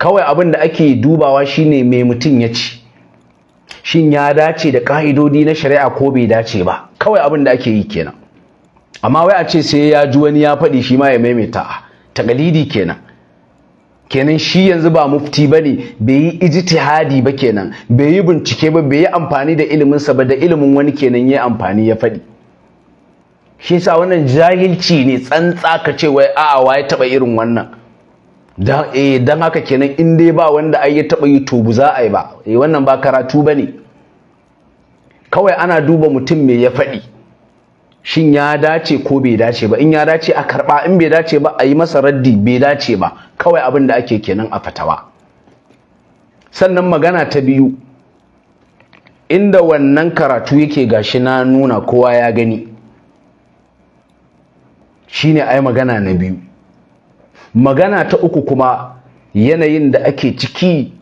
kawai abin da ake dubawa shine mai mutum ya ci shin ya dace da ka'idodi na shari'a ko bai dace ba kawai abin da ake yi kenan amma wai a ce sai ya ji wani ya faɗi shi ma ya maimaita a ah, kenan kenan shi yanzu ba mufti ba ne bai yi ijtihadi ba kenan bai yi bincike ba bai yi amfani da iliminsa ba da ilimin wani kenan ya amfani ya faɗi shi yasa wannan jahilci ne tsantsa ka ce wai a'a ya taɓa irin wannan don eh, haka kenan in dai ba wanda ai ya taɓa yi to bu za a yi ba eh wannan ba karatu bane. kawai ana duba mutum me ya faɗi shin ya dace ko bai dace ba in ya dace a karɓa in bai dace ba a yi masa raddi bai dace ba kawai abin da ake kenan a fatawa sannan magana ta biyu inda wannan karatu yake gashi na nuna kowa ya gani shine ai magana na biyu magana ta uku kuma yanayin da ake ciki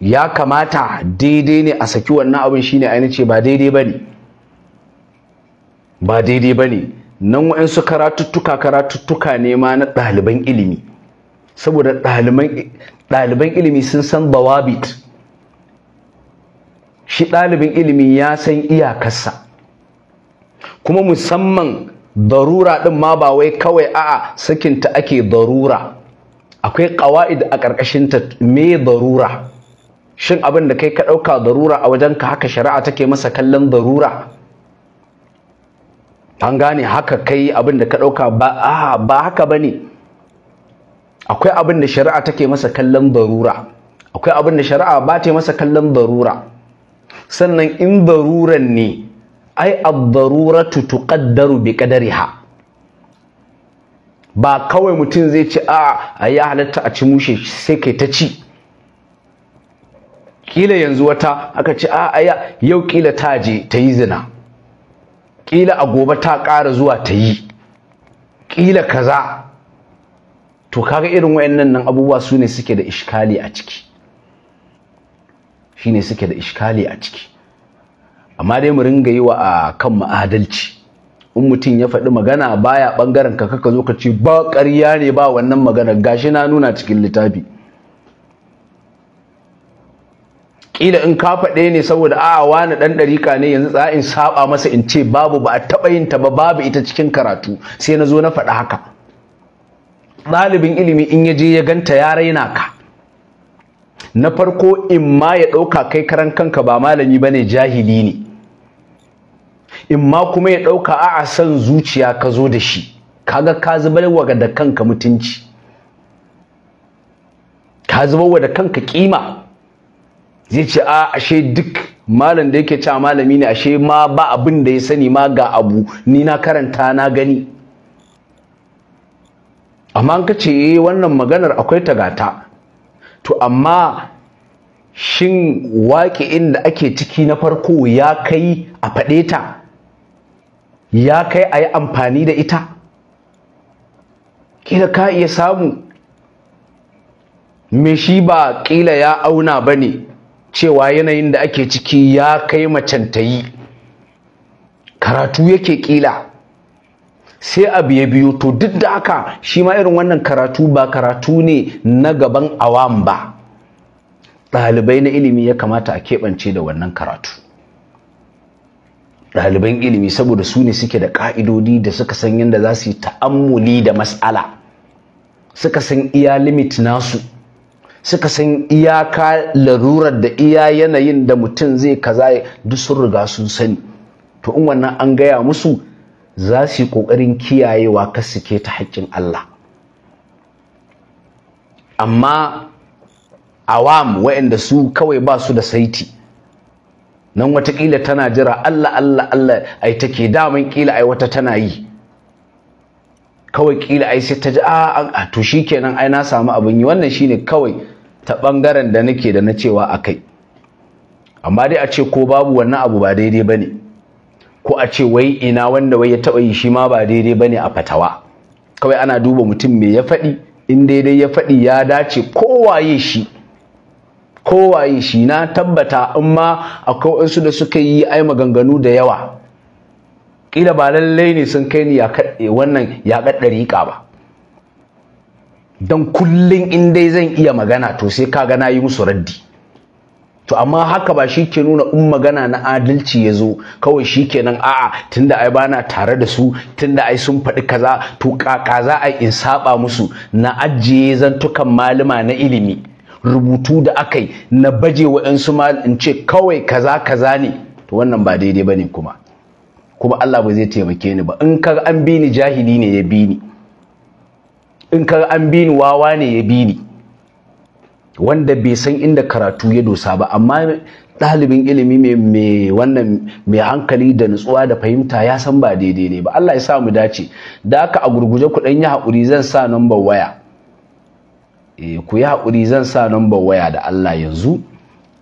ya kamata daidai ne a saki wannan abin shine ne ce ba daidai ba ne. ba daidai ba ne, nan waɗansu karatuttuka karatuttuka ne ma na ɗaliban ilimi saboda ɗaliban ilimi sun san bawabit shi ɗalibin ilimi ya san iyakarsa kuma musamman darura din ma ba wai kawai a'a sakinta ake darura akwai ƙawa'id a ƙarƙashin ta me darura shin abin da kai ka ɗauka darura a wajen ka haka shari'a take masa kallon darura an gane haka kai abin da ka ɗauka ba a ba haka bane akwai abin da shari'a take masa kallon darura akwai abin da shari'a ba ta masa kallon darura sannan in daruran ne ai ad-daruratu tuqaddaru bi qadariha ba kawai mutum zai ci a a ya halatta a ci mushe sai kai ta ci kila yanzu wata aka ci a a yau kila ta je ta yi zina kila a gobe ta ƙara zuwa ta yi kila kaza to kaga irin wayannan nan abubuwa su ne suke da iskali a ciki shine suke da iskali a ciki amma dai mu ringa yi wa a kan mu'adalci. in mutum ya faɗi magana baya ɓangaren ka kaka zo ka ce ba ƙarya ne ba wannan magana gashi na nuna cikin littafi ƙila in ka faɗe ne saboda a wani ɗan ɗarika ne yanzu za in saba masa in ce babu ba a taɓa yin ta ba babu ita cikin karatu sai na zo na faɗi haka ɗalibin ilimi in ya je ya ganta ya raina ka na farko in ma ya ɗauka kai karan kanka ba malami ba ne jahili ne in ma kuma ya ɗauka a san zuciya ka zo da shi kaga ka zubar da kanka mutunci ka zubar da kanka kima zai ce a ashe duk malam da yake cewa malami ne ashe ma ba abin da ya sani ma ga abu ni na karanta na gani amma an kace eh wannan maganar akwai tagata to amma shin waƙe inda ake ciki na farko ya kai a faɗe ta ya kai a yi amfani da ita kila ka iya samu me shi ba kila ya auna ba ne cewa yanayin da ake ciki ya kai macen ta yi karatu yake kila sai abu ya biyu to duk da haka shi ma irin wannan karatu ba karatu ne na gaban awam ba ɗalibai na ilimi ya kamata a keɓance da wannan karatu ɗaliban ilimi saboda su ne suke da ƙa'idodi da suka san yadda za su yi ta'ammuli da mas'ala suka san iya limit nasu suka san iyaka larurar da iya yanayin da mutum zai kaza duk sun riga sun sani to in wannan an gaya musu za su yi ƙoƙarin kiyayewa ka suke ta haƙƙin Allah amma awam waɗanda su kawai ba su da saiti nan watakila tana jira Allah Allah Allah ai take daman kila ai wata tana yi kawai kila ai sai ta ji a ah, ah, to shikenan ai na samu abin yi wannan shine kawai ta bangaren da nake da na cewa akai amma dai a ce ko babu wannan abu ba daidai bane ko a ce wai ina wanda wai ya taba yi shi ma ba daidai bane a fatawa kawai ana duba mutum me ya faɗi in daidai ya faɗi ya dace ko waye shi kowaye shi na tabbata in ma akwai wasu da suka yi ai maganganu da yawa kila ba lallai ne sun kai ni eh, wannan yaƙar ɗariƙa ba don kullum in dai zan iya magana to sai ka na yi musu raddi to amma haka ba shi ke nuna in magana na adalci ya zo kawai shi kenan a'a tunda ai bana tare da su tunda ai sun faɗi kaza to za a in saba musu na ajiye zantukan malama na ilimi rubutu da aka na baje wa wa'yansu mal in ce kawai kaza kaza ne to wannan ba daidai ba kuma kuma Allah ba zai taimake ni ba in kar an bi ni jahili ne ya bi ni in kar an bi ni wawa ne ya bi ni wanda bai san inda karatu ya dosa ba amma ɗalibin ilimi mai wannan mai hankali da nutsuwa da fahimta ya san ba daidai ne ba Allah ya sa mu dace da aka a gurguje ku ɗan yi hakuri zan sa number waya Eh, ku yi haƙuri zan sa number waya da Allah yanzu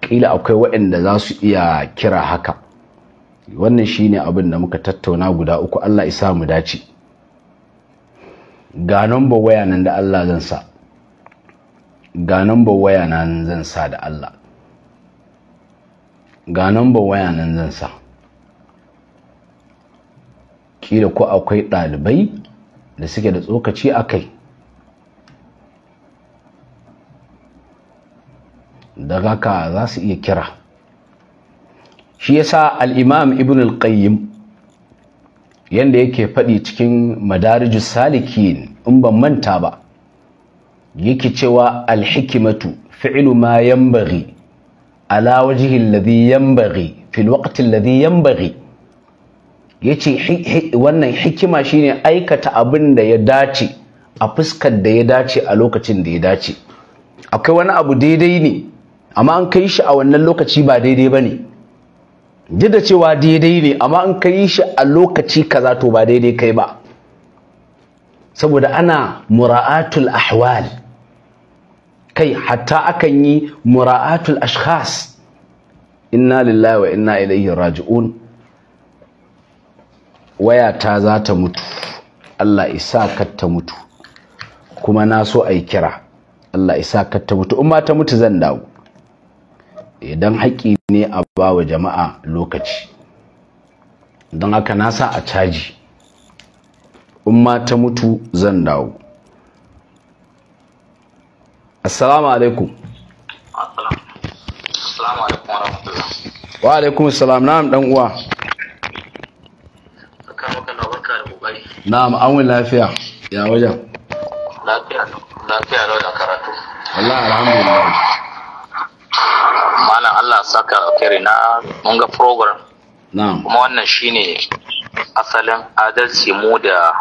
ƙila akwai waɗanda za su iya kira haka wannan shi ne abin da muka tattauna guda uku Allah isa mu dace ga number waya nan da Allah zan sa ga number waya nan zan sa da Allah ga number waya nan zan sa kila ko akwai ɗalibai da suke da tsokaci a kai da haka za su iya kira shi yasa al-imam ibn al-qayyim yanda yake faɗi cikin madarijus salikin in ban manta ba yake cewa al hikimatu fi'lu ma yanbaghi ala wajhi alladhi yanbaghi fi al-waqti alladhi yanbaghi yace wannan hikima shine aikata abin da ya dace a fuskar da ya dace a lokacin da ya dace akwai wani abu daidai ne amma an kai shi a wannan lokaci ba daidai ba ne duk da cewa daidai ne amma an kai shi a lokaci kaza to ba daidai kai ba saboda ana mura'atul ahwal kai hatta akan yi mura'atul ashkhas inna lillahi wa inna ilaihi raji'un wayata za ta mutu Allah isa kar ta mutu kuma na so ai kira Allah isa kar ta mutu in ma ta mutu zan dawo idan haƙƙi ne a ba wa jama'a lokaci don haka na sa a caji in ma ta mutu zan dawo assalamu alaikum wa alaikum salam na'am dan uwa na'am an lafiya ya wajen lafiya lafiya da karatu wallahi alhamdulillah malam Allah saka alkhairi na mun ga program kuma wannan shine asalin adalci mu da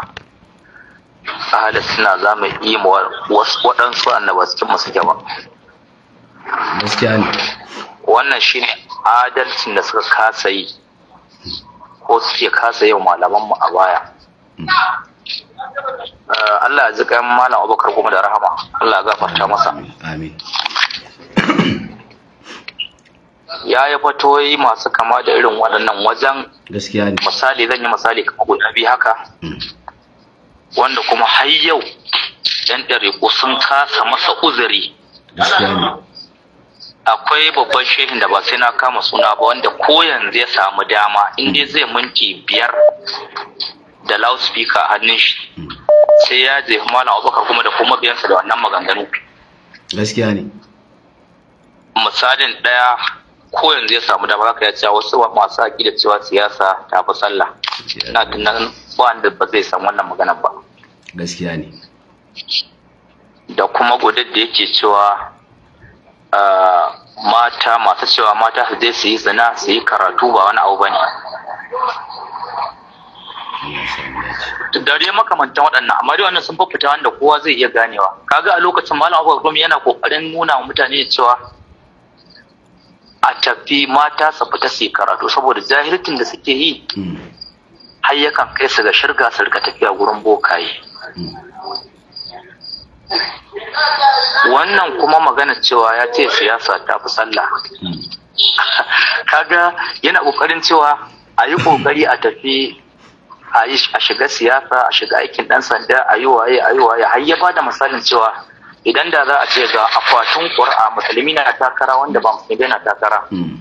ahalin suna za mu yi ma waɗansu annaba cikin masu ba. wannan shine adalcin da suka kasa yi ko suke kasa yi malaman mu a baya mm. eh, Allah ya ji kayan malam abokar kuma da rahama Allah ya gafarta masa amin ya yi fatoyi masu kama da irin waɗannan wajen misali zan yi misali kama guda biyu haka hmm. wanda kuma har yau yan ɗariƙo sun kasa masa uzuri akwai babban shehin da ba sai na kama suna ba wanda ko yanzu ya samu dama inda hmm. zai minti biyar da loudspeaker a hannun shi hmm. sai ya je malam abubakar kuma da kuma biyansa da wannan maganganu gaskiya ne misalin ɗaya ko yanzu ya samu dama maka ya cewa wasu masu aƙida cewa siyasa ta fi sallah ina tunan ba da ba zai san wannan magana ba gaskiya ne da kuma godar da yake cewa ah, mata masu cewa mata su je su yi zina su yi karatu ba wani abu ba ne dare makamantan waɗannan amma dai wannan sun fita wanda kowa zai iya ganewa kaga a lokacin malam abu yana kokarin nuna wa mutane cewa a tafi mata su fita su yi karatu saboda jahilcin da suke yi hmm. har yakan kai su ga shirga su rika tafiya wurin bokaye hmm. wannan kuma magana cewa ya ce siyasa ta fi sallah hmm. kaga yana kokarin cewa a yi kokari a tafi a shiga siyasa a shiga aikin dan sanda a yi waye a yi waye har ya bada misalin cewa idan da za a ce ga akwatin ƙura musulmi na takara wanda ba musulmi na takara hmm.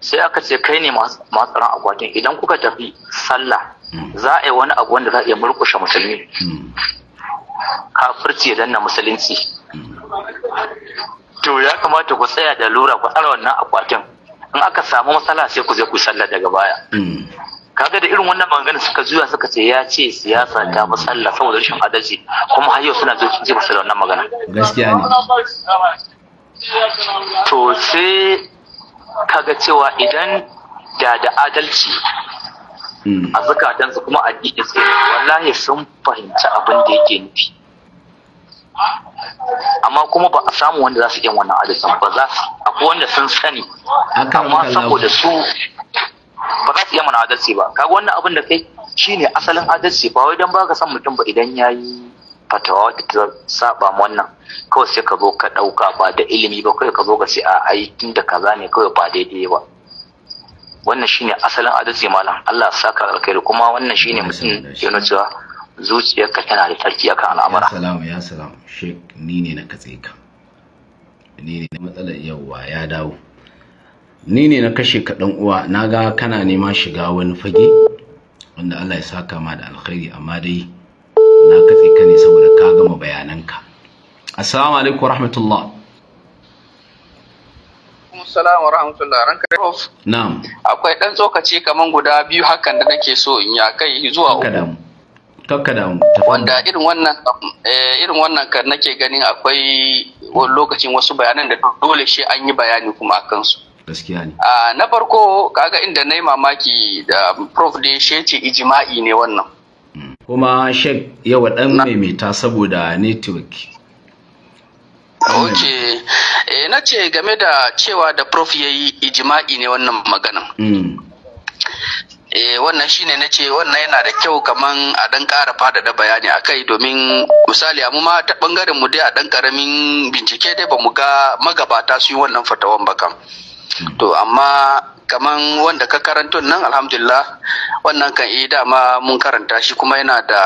sai aka ce kai ne masu tsaron akwatin idan kuka tafi sallah hmm. za a yi wani abu wanda za a iya murkushe musulmi hmm. kafirci idan na musulunci to ya kamata ku tsaya da lura ku tsara wannan akwatin in aka samu matsala sai ku je ku sallah daga baya kaga da irin wannan maganganun suka zuya suka ce ya ce siyasa ta matsala saboda rashin adalci kuma har yau suna ji ba su da wannan magana gaskiya ne to sai kaga cewa idan da da adalci hmm. a su kuma addini suke wallahi sun fahimci abin da yake nufi amma kuma ba a samu wanda za su yi wannan adalcin ba za su akwai wanda sun sani amma saboda su ba za su iya mana adalci ba kaga wannan abin da kai shine asalin adalci ba wai dan baka san mutum ba idan yayi fatawa da ta saba wannan kawai sai ka zo ka dauka ba da ilimi ba kawai ka zo ka sai a ai da kaza ne kawai ba daidai ba wannan shine asalin adalci malam Allah saka alkhairi kuma wannan shine mutum ya nuna cewa zuciyarka tana da tarki akan al'amura ya salamu ya salamu shek ni ne na katse ka ni ne na matsalar yauwa ya dawo ni ne na kashe ka dan uwa na ga kana nema shiga wani fage wanda Allah ya saka ma da alkhairi amma dai na katse ka ne saboda ka gama bayananka assalamu alaikum warahmatullah Assalamu wa rahmatullah ranka Na'am. Akwai dan tsokaci kaman guda biyu hakan da nake so in ya kai zuwa uku. Kakka da mu. Wanda irin wannan eh, irin wannan kan nake ganin akwai wani lokacin wasu bayanan da dole shi an yi bayani kuma akan su. gaskiya ne ah, na farko kaga inda na yi mamaki da prof da ya ce ijima'i ne wannan hmm. kuma shek yawa ɗan maimaita saboda network ok eh, na ce game da cewa da prof ya yi ijima'i ne wannan maganan e, wannan shine na ce wannan yana da kyau kaman a ɗan ƙara faɗaɗa bayani a kai domin misali a ma ta ɓangaren mu dai a ɗan ƙaramin bincike dai ba mu ga magabata su yi wannan fatawan bakan. to amma kaman wanda ka karanto nan alhamdulillah wannan kan yi. Eh, dama mun karanta shi kuma yana da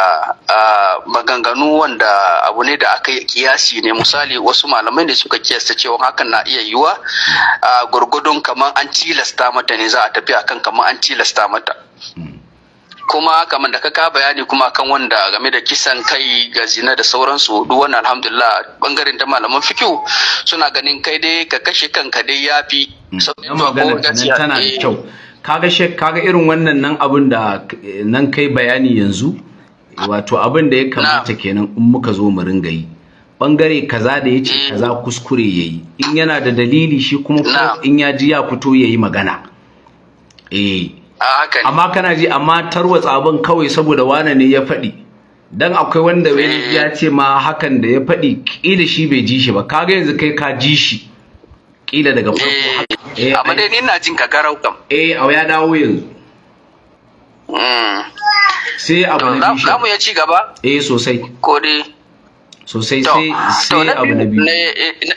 maganganu wanda abu ne da aka yi kiyasi ne misali wasu malamai ne suka kiyasta cewa hakan na iya yiwuwa a gurgudun kaman an tilasta mata ne za a tafi akan kaman an tilasta mata hmm. kuma kamar da ka bayani kuma kan wanda game da kisan kai ga zina da sauransu duk wannan alhamdulillah bangaren da malaman fikiu suna ganin kai dai ka kashe kanka dai yafi hmm. tana da eh. kyau kaga shek kaga irin wannan nan abun da eh, nan kai bayani yanzu wato abin da ya kamata kenan in muka zo mu ringa yi bangare kaza da yace eh. kaza kuskure yayi in yana da dalili shi kuma in ya ji ya fito yayi magana eh amma kana ji amma tarwatsa abin kawai saboda wane ne ya faɗi dan akwai wanda eh. ya ce ma hakan da ya faɗi ƙila shi bai ji shi ba kaga yanzu kai ka ji shi ƙila daga farko eh, eh amma dai ina jin ka garau kam eh a ya dawo yanzu hmm. sai abu na biyu zamu ya ci gaba eh sosai ko dai sosai sai sai abu na biyu eh,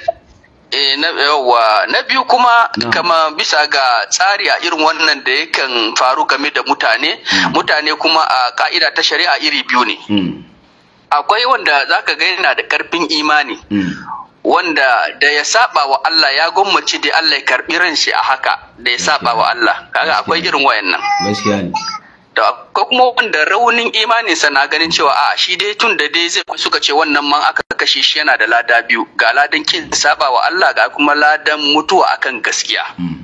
Eh, na biyu kuma kama bisa ga tsari a irin wannan da yakan faru game da mutane hmm. mutane kuma a ka'ida ta shari'a iri biyu ne hmm. akwai wanda zaka ga yana da karfin imani hmm. wanda da ya saba wa Allah ya gwammaci da Allah ya karbi ran a haka da ya saba wa Allah kaga akwai irin wayannan da ko kuma wanda raunin imaninsa sana na ganin cewa a shi dai tun da dai zai suka ce wannan man aka kashe shi yana da lada biyu ga ladan kin saba wa Allah ga kuma ladan mutuwa akan gaskiya hmm.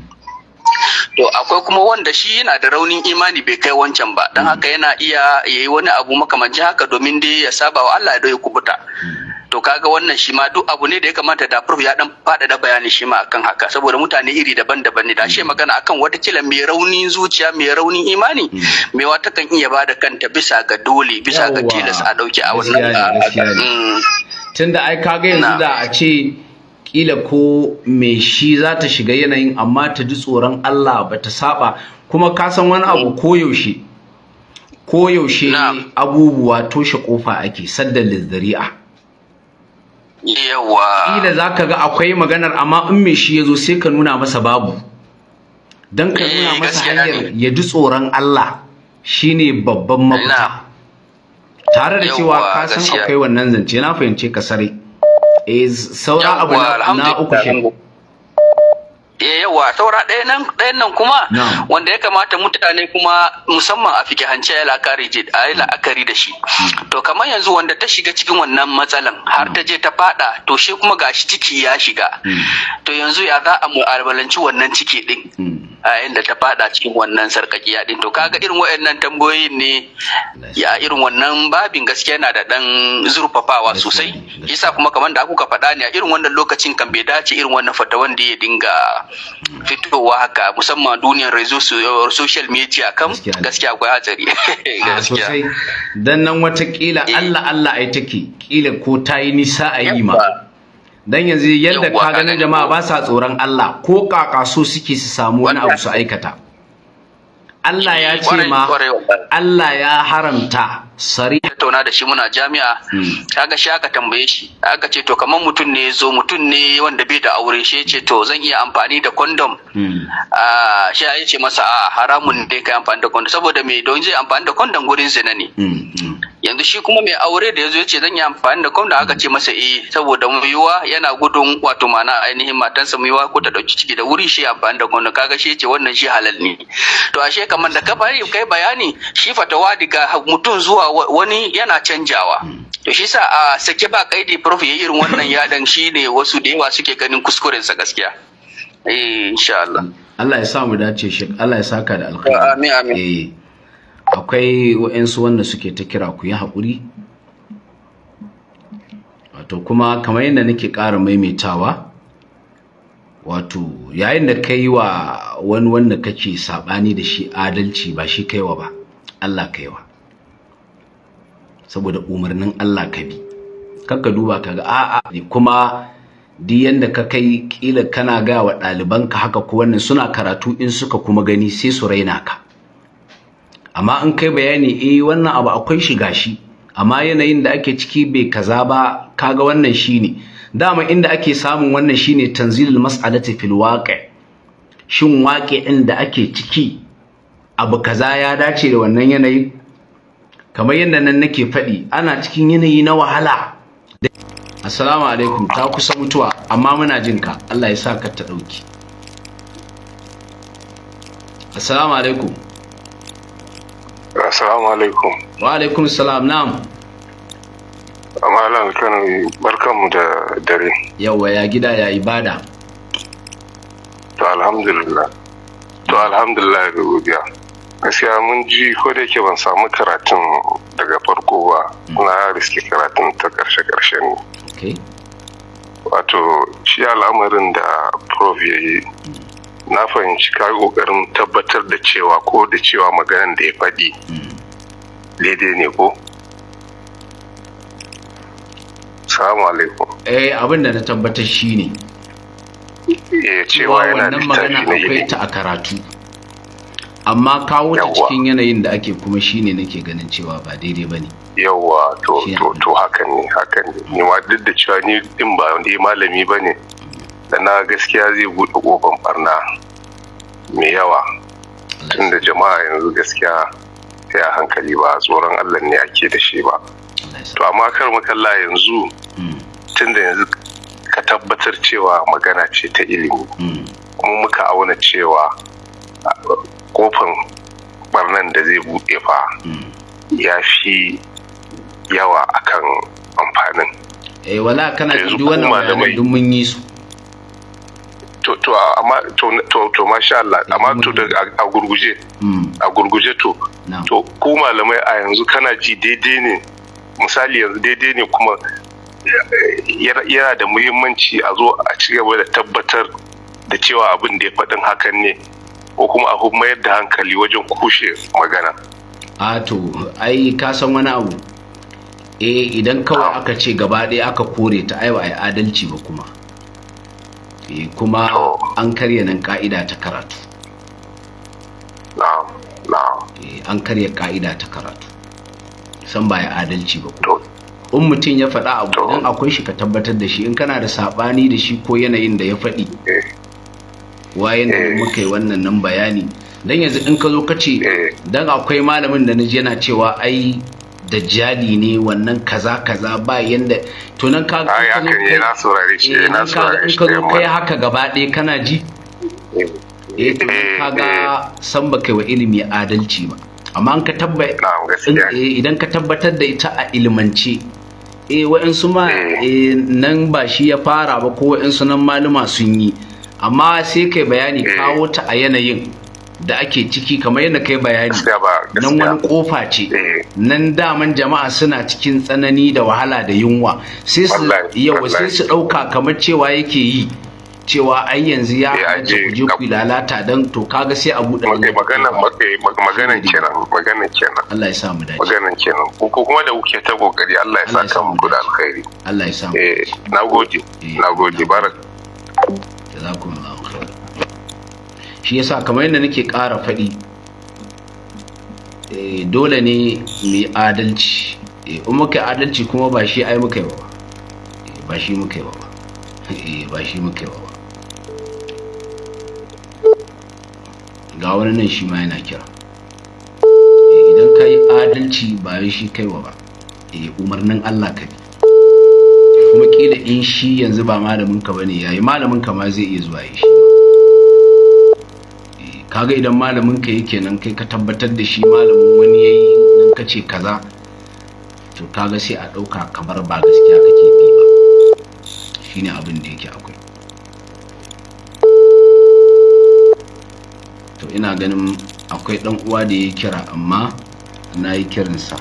to akwai kuma wanda shi yana da raunin imani bai kai wancan ba dan hmm. haka yana iya yayi wani abu makamancin haka domin dai ya saba wa Allah ya kubuta hmm. to kaga wannan shi ma duk abu ne da ya kamata da prof ya dan faɗaɗa bayani shi ma akan haka saboda mutane iri daban-daban ne da shi mm. magana akan wata kila mai raunin zuciya mai raunin imani mm. mai wata kan iya bada kanta bisa ga dole bisa ga tilas a dauke a wannan mm. tunda ai kaga yanzu da a ce kila ko me shi za ta shiga yanayin amma ta ji tsoron Allah ba ta saba kuma ka san wani abu koyaushe koyaushe abubuwa toshe kofa ake sadda lizzari'a yawa kila zaka ga akwai maganar amma in me shi yazo sai ka nuna masa babu dan ka nuna eh, masa hanyar ya ji tsoron Allah shine babban mafita tare da cewa ka san akwai wannan zance na fahimce ka sare eh saura abu na uku shi Eh, yawa saura ɗaya nan ɗayan nan kuma wanda ya kamata mutane kuma musamman a fike hanci ya la'akari a yi la'akari da shi hmm. to kamar yanzu wanda ta shiga cikin wannan matsalan har ta je ta fada to shi kuma gashi ciki ya shiga hmm. to yanzu ya za a albalanci wannan ciki din hmm. a inda ta fada cikin wannan sarkakiya din to kaga irin wayannan tambayoyin ne ya irin wannan babin gaskiya yana da dan zurfafawa sosai yasa kuma kamar da kuka faɗa ne a irin wannan lokacin kan bai dace irin wannan fata wanda ya dinga fitowa haka musamman duniyar social media kam gaskiya akwai hatsari gaskiya dan nan watakila eh. Allah Allah ai take kila ko ta yi nisa a yi ma dan yanzu yadda ka ganin jama'a ba sa tsoron Allah ko kaka so suke su samu wani abu su aikata Allah ya ce ma Allah ya haramta sari tauna da shi muna jami'a hmm. kaga shi aka tambaye shi aka ce to kamar mutum ne zo mutum ne wanda bai da aure shi ce to zan iya amfani da condom hmm. a shi ya ce masa a haramun ne kai amfani da condom saboda me don zai amfani da condom gurin zina ne hmm, yanzu shi kuma mai aure da yazo yace zan yi amfani da da aka ce masa eh saboda muyuwa yana gudun wato mana ainihin matansa mu ko ta dauki ciki da wuri shi amfani da da kaga shi yace wannan shi halal ne to ashe kamar da ka bari kai bayani shi fatawa daga mutum zuwa wani yana canjawa to shi sa a sake ba kaidi prof yayi irin wannan yadan shi ne wasu da yawa suke ganin kuskuren sa gaskiya eh insha Allah Allah ya sa mu dace shi Allah ya saka da alkhairi amin amin eh. akwai wa'insu wanda suke ta kira ku yi haƙuri wato kuma kamar yadda nake ƙara maimaitawa wato yayin da ka yi wa wani wanda kake saɓani da shi adalci ba shi kaiwa ba Allah kaiwa saboda umarnin Allah ka bi kanka duba ka ga a'a kuma duk yanda ka kai kila kana gaya wa ɗalibanka haka ko wannan suna karatu in suka kuma gani sai su raina ka amma in kai bayani eh wannan abu akwai shiga shi gashi amma yanayin da ake ciki bai kaza ba kaga wannan shine dama inda ake samun wannan shine tanzilul mas'alati fil waqi shin waƙe din da ake ciki abu kaza ya dace da wannan yanayi kamar yadda nan nake faɗi ana cikin yanayi na wahala assalamu alaikum ta kusa mutuwa amma muna jin ka Allah ya sa ka ta ɗauki assalamu alaikum Assalamu alaikum. Wa alaikum salam na'am. Malam Kano barkanmu da dare. Yawwa ya gida ya ibada. To alhamdulillah. To alhamdulillah ga godiya. Gaskiya mun ji ko da yake ban samu karatun daga farko ba ya mm. riske karatun ta karshe karshe ne. Wato shi al'amarin da prof ya yi. Mm. na fahimci kayi kokarin tabbatar da cewa ko da cewa maganan da ya faɗi daidai ne ko salamu alaikum eh abinda na tabbatar ne ya eh, cewa yana wannan magana akwai ta a karatu amma kawo ta cikin yanayin da ake kuma shine nake ganin cewa ba daidai ne. yawa to to to hakan ne hakan ne ni ma duk da cewa ni din ba ni malami ba ne na gaskiya zai buɗe ƙofan barna mai yawa tun da jama'a yanzu gaskiya ya hankali ba tsoron allah ne ake da shi ba to amma kar makalla yanzu tun da yanzu ka tabbatar cewa magana ce ta ilimi kuma muka auna cewa kofan barnan da zai buɗe fa ya fi yawa akan amfanin eh wala kana duk wannan mun yi su to amma masha Allah amma to a gurguje hmm. a gurguje to to ku malamai a yanzu kana ji daidai ne misali yanzu daidai ne kuma eh, yana da muhimmanci a zo a ci gaba da tabbatar da cewa abin da ya faɗin hakan ne ko kuma a mayar da hankali wajen kushe magana a to ai ka san wani abu eh idan kawai aka ce gaba ɗaya aka kore ta ai ba ai adalci ba kuma Eh, kuma an karya nan ka'ida ta karatu eh, an karya ka'ida ta karatu san ba ya adalci ba ku in mutum ya faɗa abu dan akwai shi ka tabbatar da shi in kana da saɓani da shi ko yanayin da ya faɗi eh. wayan da muka yi wannan nan bayani Don yanzu in ka zo ka ce Don akwai malamin da na je yana cewa ai Da jali ne wannan kaza kaza ba yanda to nan ka ga kai na saurare shi eh, na saurare shi kai haka gaba ɗaya kana ji eh, eh to eh, ka ga san baka wa ilimi adalci ba amma ka tabbata idan ka tabbatar da ita a ilimance eh wa'insu ma nan ba shi ya fara ba ko wa'insu nan maluma sun yi amma sai kai bayani kawo ta a yanayin da ake ciki kamar yadda kai bayani nan wani kofa ce eh. nan daman jama'a suna cikin tsanani da wahala da yunwa sai su yawa sai su ɗauka kamar cewa yake yi cewa ai yanzu ya eh, halatta ku eh, ku lalata don to kaga sai a buɗe wani magana magana kenan magana kenan Allah ya sa mu dace magana kenan ko kuma da kuke ta kokari Allah ya sa kan mu da alkhairi Allah ya sa mu eh nagode nagode barak jazakumullahu shi yasa kamar yadda nake ƙara faɗi eh, dole ne yi adalci eh, in muka adalci kuma ba shi ai muka yi ba eh, ba shi muka yi ba ba shi muka yi ba ga wani nan shi ma yana kira idan ka yi adalci ba shi kaiwa ba umarnin Allah ka bi kuma kila in shi yanzu ba malamin ka bane yayi malamin ka ma zai iya zuwa yi shi kaga idan malamin ka yake nan kai ka tabbatar da shi malamin wani yayi nan ka ce kaza to kaga sai a ɗauka kamar ba gaskiya kake bi ba shine abin da yake akwai to ina ganin akwai ɗan uwa da ya kira amma na yi kirinsa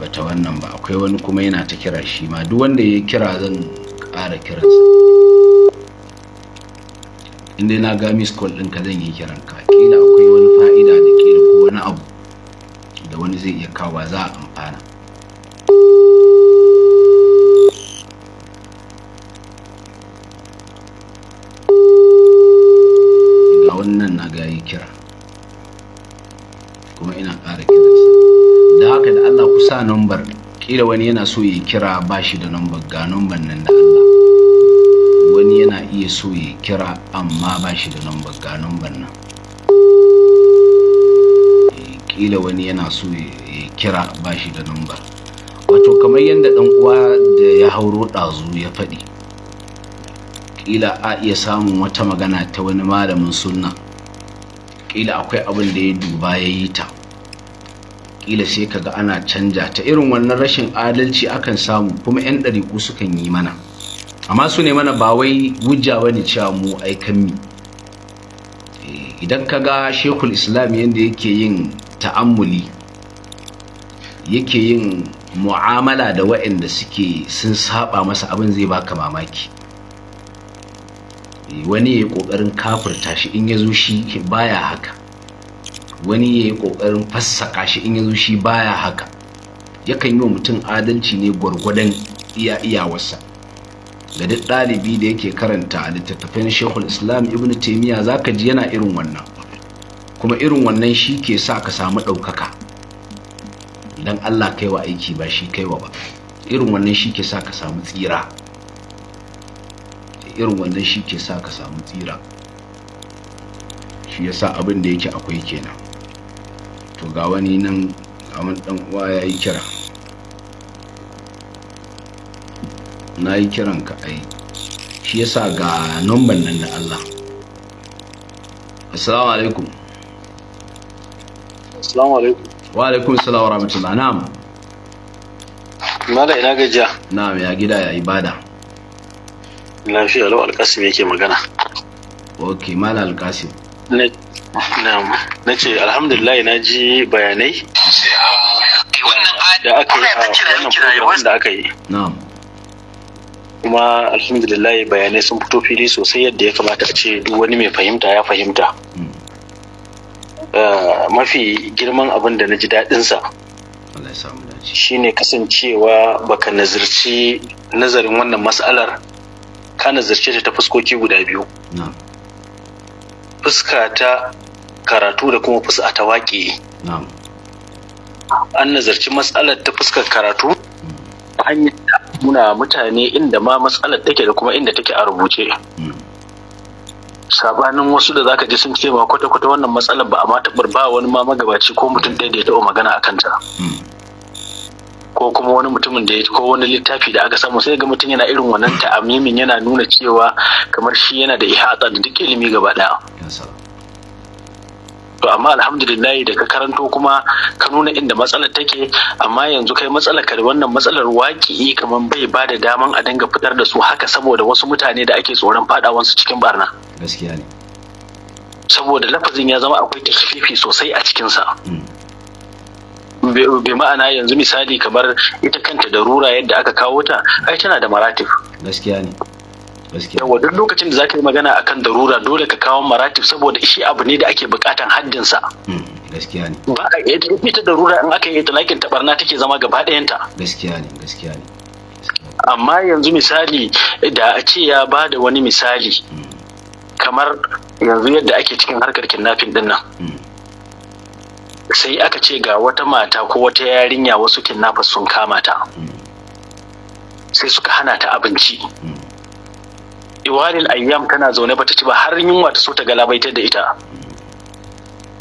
bata wannan ba akwai wani kuma yana ta kira shi ma duk wanda ya kira zan ƙara kiransa inda na ga miss call ka zan yi kiran ka kila akwai wani fa'ida da ke ko wani abu da wani zai iya kawa za a amfana ga wannan na ga yi kira kuma ina ƙara kiransa da haka da Allah ku sa nambar kila wani yana so ya kira ba shi da nambar ga nambar nan da Allah wani yana iya so ya kira amma ba shi da lambar ganin nan eh, kila wani yana so ya kira ba shi da lambar wato kamar yadda dan uwa da ya hauro ɗazu ya faɗi kila a iya samun wata magana ta wani malamin sunna kila akwai abin da ya duba ya yi ta kila sai kaga ana canja ta irin wannan rashin adalci akan samu kuma 'yan ɗariƙu sukan yi mana amma su ne mana ba wai wujja ba ne cewa mu aikan mi eh, idan ka ga shekul islam yadda yake yin ta'ammuli yake yin mu'amala da waɗanda suke sun saba masa abin zai baka mamaki eh, wani ya yi ƙoƙarin kafirta shi in ya zo shi baya haka wani ya yi ƙoƙarin fassaka shi in ya zo shi baya haka yakan yi wa mutum adalci ne gwargwadon iya iyawarsa da duk ɗalibi da yake karanta littattafan shekul islam ibn taimiyya za ka ji yana irin wannan kuma irin wannan shi ke sa ka samu ɗaukaka idan allah kaiwa aiki ba shi kaiwa ba irin wannan shi ke sa ka samu tsira irin wannan shi ke sa ka samu tsira shi abin da yake akwai kenan to ga wani nan ga wani ɗan uwa ya yi kira na yi kiran ka ai shi yasa ga numban nan da Allah assalamu alaikum assalamu alaikum wa alaikum assalamu wa na'am mala ina gajiya na'am ya gida ya ibada lafiya lau alkasim yake magana ok mala alkasim na ce alhamdulillah na ji bayanai ah, da aka yi a wannan program wanda aka yi kuma alhamdulillah bayanai sun fito fili sosai yadda ya kamata a ce duk wani mai fahimta ya fahimta ah, mafi girman abin da na ji daɗinsa shi ne kasancewa baka nazarci nazarin wannan mas'alar ka nazarce ta fuskoki guda biyu fuska ta karatu da kuma fuska ta waƙe an nazarci matsalar ta fuskar karatu hanyar Muna mutane inda ma matsalar take da kuma inda take a rubuce sabanin wasu da zaka ji sun ce ma kwata-kwata wannan matsalar ba a ma taɓar ba wani ma magabaci ko mutum ɗaya da ya taɓa magana a kanta ko kuma wani mutumin da ya ko wani littafi da aka samu sai ga mutum yana irin wannan ta'amimin yana nuna cewa kamar shi yana da ihata da duk ilimi gaba ɗaya to amma alhamdulillah da ka karanto kuma ka nuna inda matsalar take amma yanzu kai matsalar ka da wannan matsalar waƙi kamar bai ba da daman a dinga fitar da su haka saboda wasu mutane da ake tsoron fadawansu cikin barna gaskiya ne saboda lafazin ya zama akwai tafifi sosai a cikin sa hmm. bai ma'ana yanzu misali kamar ita kanta da rura yadda aka kawo ta ai tana da maratif gaskiya ne yawa duk lokacin da zaka yi magana akan darura dole ka kawo maratib saboda shi abu ne da ake bukatan haddinsa hmm, gaskiya ne ba a ita darura in aka yi talakin tabarna take zama gaba ɗayanta amma yanzu misali da a ce ya ba da wani misali hmm. kamar yanzu yadda ake cikin harkar kidnapping din nan hmm. sai aka ce ga wata mata ko wata yarinya wasu kidnappers sun kama ta sai suka hana ta abinci tiwalil ayyam tana zaune bata ci ba har yunwa ta so ta galabaitar da ita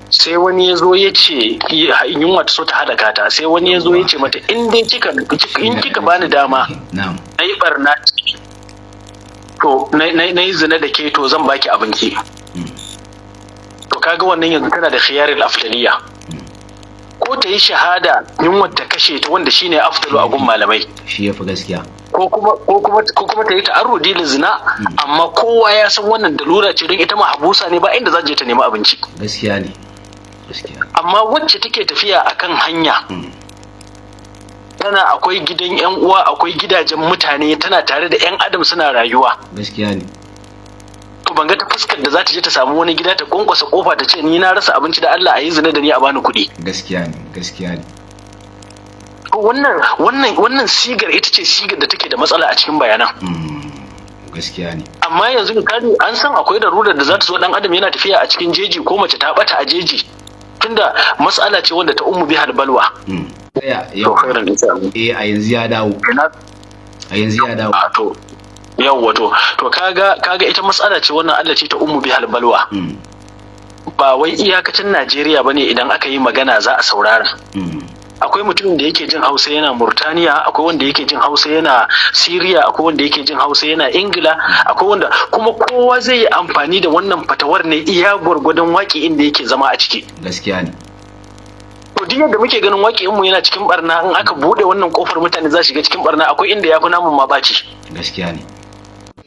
sai wani ya zo ya ce yunwa ta so ta hada kata, sai wani ya zo ya ce mata in dai kika in kika bani dama na yi barna to na yi zina da ke to zan baki abinci hmm. to kaga wannan yanzu tana da khiyaril afdaliya ko ta yi shahada yunwar ta kashe ta wanda shine afdalu a gun malamai shi ya fi gaskiya ko kuma ta yi ta'arrudi da zina hmm. amma kowa ya san wannan dalura ce don ita mahabusa ne ba inda za je ta nemi abinci gaskiya ne amma wacce take tafiya a kan hanya hmm. tana akwai gidan yan uwa akwai gidajen mutane tana tare da yan adam suna rayuwa gaskiya ne ba ban ga ta fuskar da za ta je ta samu wani gida ta kunkwasa kofa ta ce ni na rasa abinci da Allah a yi zina da ni a bani kuɗi gaskiya ne gaskiya ne wannan wannan wannan sigar ita ce sigar da take da matsala a cikin bayanan hmm, gaskiya ne amma yanzu misali an san akwai darurar da za ta zo dan adam yana tafiya a cikin jeji ko mace ta bata a jeji tunda mas'ala ce wanda ta ummu bi halbalwa. Hmm, eh a yanzu ya dawo a yanzu ya dawo yawwa to to kaga kaga ita matsala ce wannan Allah ce ta ummu bihal balwa mm. ba wai iyakacin Najeriya bane idan aka yi magana za a saurara mm. akwai mutumin da yake jin hausa yana murtaniya akwai wanda yake jin hausa yana siriya akwai wanda yake jin hausa yana ingila akwai wanda kuma kowa zai yi amfani da wannan fatawar ne iya gwargwadon waki inda yake zama a ciki gaskiya ne to duk yadda muke ganin waki mu yana cikin barna in aka buɗe wannan kofar mutane za shiga cikin barna akwai inda ya fi namun ma baci gaskiya ne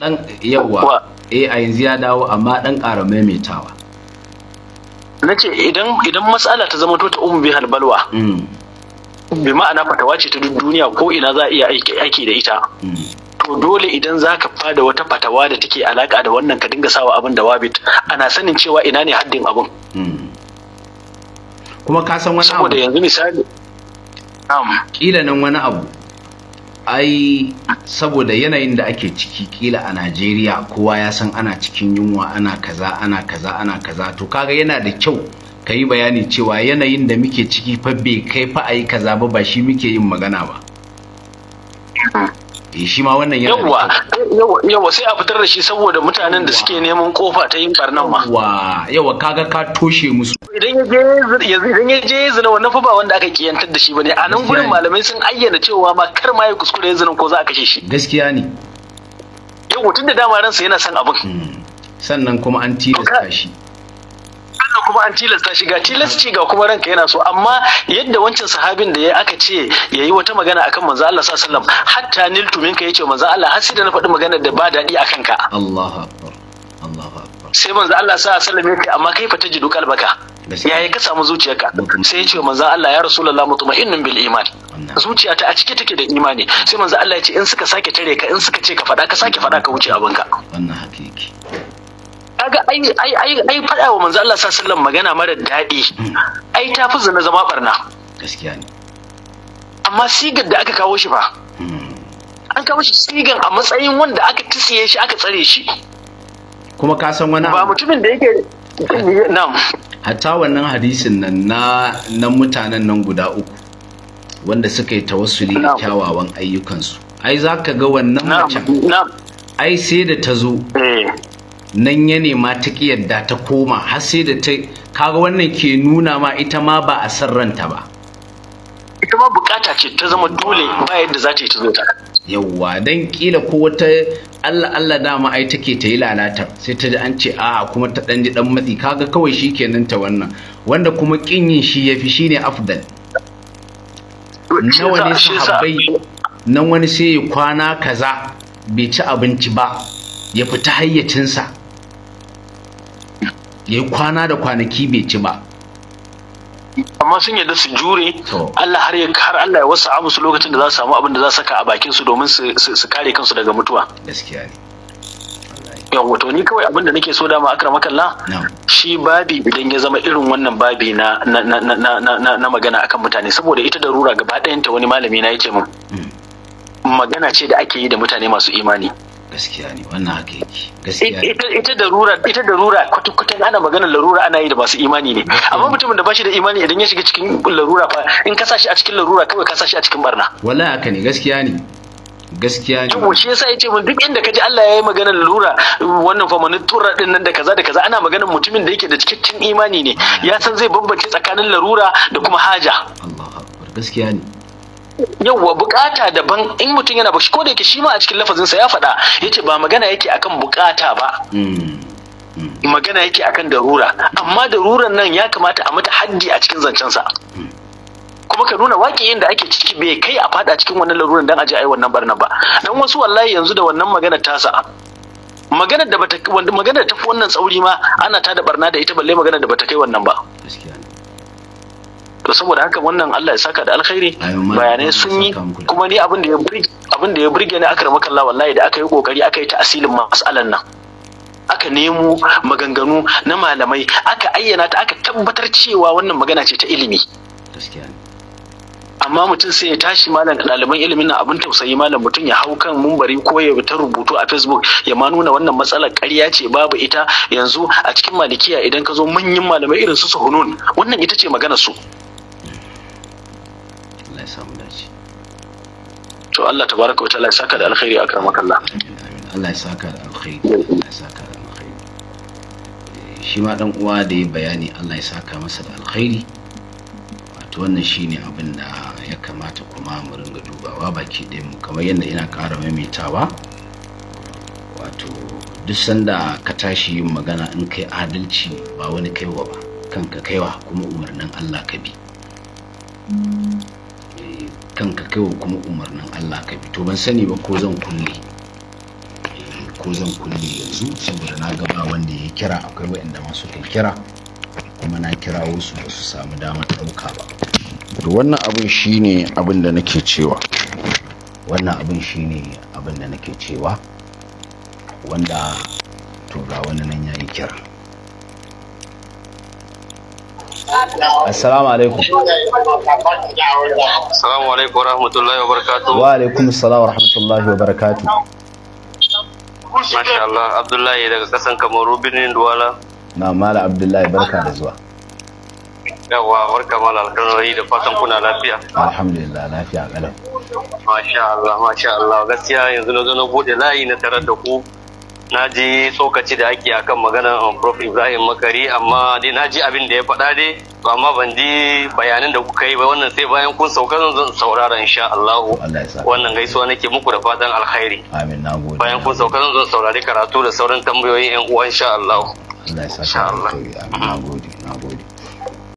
dan yawa eh yanzu ya dawo amma dan ƙara maimaitawa na ce idan matsala ta zama ta umu halbalwa balwa mm. bi ma'ana fatawa ce ta duk duniya ko ina za a iya aiki da ita mm. to dole idan za ka fada wata fatawa da take alaka da wannan ka dinga sawa abin da wabit ana sanin cewa ina ne haddin abin mm. kuma ka san wani abu saboda yanzu misali kila nan wani abu ai saboda yanayin da ake ciki kila a najeriya kowa ya san ana cikin yunwa ana kaza ana kaza ana kaza to kaga yana da kyau ka yi bayani cewa yanayin da muke ciki fa bai kai fa a yi kaza ba ba shi muke yin magana ba Eh, shi ma wannan yana yawa yawa sai a fitar da shi saboda mutanen da suke neman kofa ta yin barnan ma yawa yawa kaga ka toshe musu idan ya je idan ya je zina wannan fa ba wanda aka kiyantar da shi bane a nan gurin malamai sun ayyana cewa ma kar ma ya kuskure ya zina ko za a kashe shi gaskiya ne yawa tun da dama ransa yana son abin hmm. sannan kuma an tilasta shi wannan kuma an tilasta shi ga ce ga kuma ranka yana so amma yadda wancan sahabin da ya aka ce ya yi wata magana akan manzo Allah sallallahu alaihi wasallam hatta niltu minka yace manzo Allah har sai da na faɗi magana da ba daɗi akan ka Allahu akbar Allahu akbar sai manzo Allah sallallahu alaihi wasallam yace amma kai fa tajidu kalbaka yi ka samu zuciyarka sai ya ce wa manzo Allah ya rasulullah mutma'innin bil iman zuciya ta a cike take da imani sai manzo Allah ya ce in suka sake tare ka in suka ce ka faɗa ka sake faɗa ka wuce abinka wannan hakiki kaga ai ai ai ai faɗa wa manzo Allah sallallahu alaihi magana mara daɗi ai ta fi na zama barna gaskiya ne amma sigar da aka kawo shi ba hmm. an kawo shi sigan a matsayin wanda aka tisiye shi aka tsare shi kuma ka san wani ba mutumin da yake na'am hatta wannan hadisin nan na na mutanen nan guda uku wanda suka yi tawassuli da kyawawan ayyukansu ai za ka ga wannan mace ai sai da ta zo eh. nan ya nema ta yadda ta koma har sai da ta kaga wannan ke nuna ma ita ma ba a san ranta ba ita ma bukata ce ta zama dole ba yadda za ta yi ta zo ta yawwa dan kila ko wata Allah Allah dama ai take ta yi lalata sai ta ji an ce a kuma ta dan ji dan matsi kaga kawai shikenan ta wannan wanda kuma kin yin shi yafi shine afdal nawa ne sahabbai nan wani sai ya kwana kaza bai ci abinci ba ya fita hayyacinsa ya yi kwana da kwanaki bai ci ba amma sun yadda su jure Allah har ya har Allah ya wasu abu lokacin da za su samu abin da za su saka a bakin su domin su kare kansu daga mutuwa gaskiya ne ni kawai abin da nake so dama akram kalla, shi babi idan ya zama irin wannan babi na magana akan mutane saboda ita darura gaba ɗayanta wani malami na yake mun mm. magana ce da ake yi da mutane masu imani gaskiya ne wannan haka yake gaskiya ita ita darura ita darura kwatukwatan ana magana larura ana yi da masu imani ne amma mutumin da bashi da imani idan ya shiga cikin larura fa in ka sashi a cikin larura kawai ka sashi a cikin barna wallahi haka ne gaskiya ne gaskiya ne to shi yasa yace mun duk inda kaji Allah ya yi maganar lura wannan fa manutura din nan da kaza da kaza ana maganar mutumin da yake da cikakken imani ne ya san zai bambance tsakanin larura da kuma haja Allahu akbar gaskiya ne yauwa bukata daban in mutum yana bashi ko da yake shi ma a cikin lafazinsa ya faɗa yace ba magana yake akan bukata ba hmm. magana yake akan darura amma daruran nan ya kamata a mata haddi a cikin zancensa hmm. kuma ka nuna waƙiyin da ake ciki bai kai a fada cikin wannan laruran dan aje ai wannan barnan ba dan wasu wallahi yanzu da wannan magana tasa Magana da bata maganar tafi wannan tsauri ma ana ta barna da ita balle magana da bata kai wannan ba gaskiya to saboda haka wannan Allah ya saka da alkhairi bayanai sun yi kuma ni abin da ya burge abin da ya burge ni akar makalla wallahi da aka yi kokari aka yi ta mas'alan nan aka nemo maganganu na malamai aka ayyana ta aka tabbatar cewa wannan magana ce ta ilimi amma mutum sai ya tashi malam ɗaliban ilimin na abin tausayi malam mutum ya hau kan mumbari ko ya ta rubutu a facebook ya ma nuna wannan matsalar ƙarya ce babu ita yanzu a cikin malikiya idan ka zo manyan malamai irin su suhunun wannan ita ce magana su Allah ya samu dace to Allah tabaraka wa ta'ala ya saka da alkhairi akramakallah Allah ya saka da alkhairi Allah ya saka da alkhairi eh, shi ma dan uwa da ya bayani Allah ya saka masa da alkhairi wato wannan shine abin da ya kamata kuma mu ringa dubawa baki ɗaya mu kamar yadda ina ƙara maimaitawa wato duk sanda ka tashi yin magana in kai adalci ba wani kaiwa ba kanka kaiwa kuma umarnin Allah ka bi kanka kai kuma umarnin Allah ka bi to ban sani ba ko zan kulle ko zan kulle yanzu saboda na ga ba wanda ya kira akwai waɗanda ma suka kira kuma na kira wasu ba su samu damar ɗauka ba to wannan abin shine abin da nake cewa wannan abin shine abin da nake cewa wanda to ga wani nan yayi kira Assalamu alaikum. Assalamu alaikum wa wabarakatuh. Wa alaikum assalam wa wabarakatuh. Masha Allah, Abdullahi daga kasan Kamaru birnin Duwala. Na mala Abdullahi barka da zuwa. Yawa barka mala alkalari da fatan kuna lafiya. Alhamdulillah lafiya kalau. Masha Allah, masha Allah, gaskiya yanzu na zo na bude layi na tarar da ku. na ji tsokaci da ake akan maganar um, prof ibrahim makari amma dai na ji abin da ya faɗa dai to amma ban ji bayanin da kuka yi ba wannan sai bayan kun sauka zan saurara insha Allah wannan gaisuwa nake muku da fatan alkhairi amin nagode bayan kun sauka zan saurari karatu da sauran tambayoyin yan uwa insha Allah Allah amin nagode nagode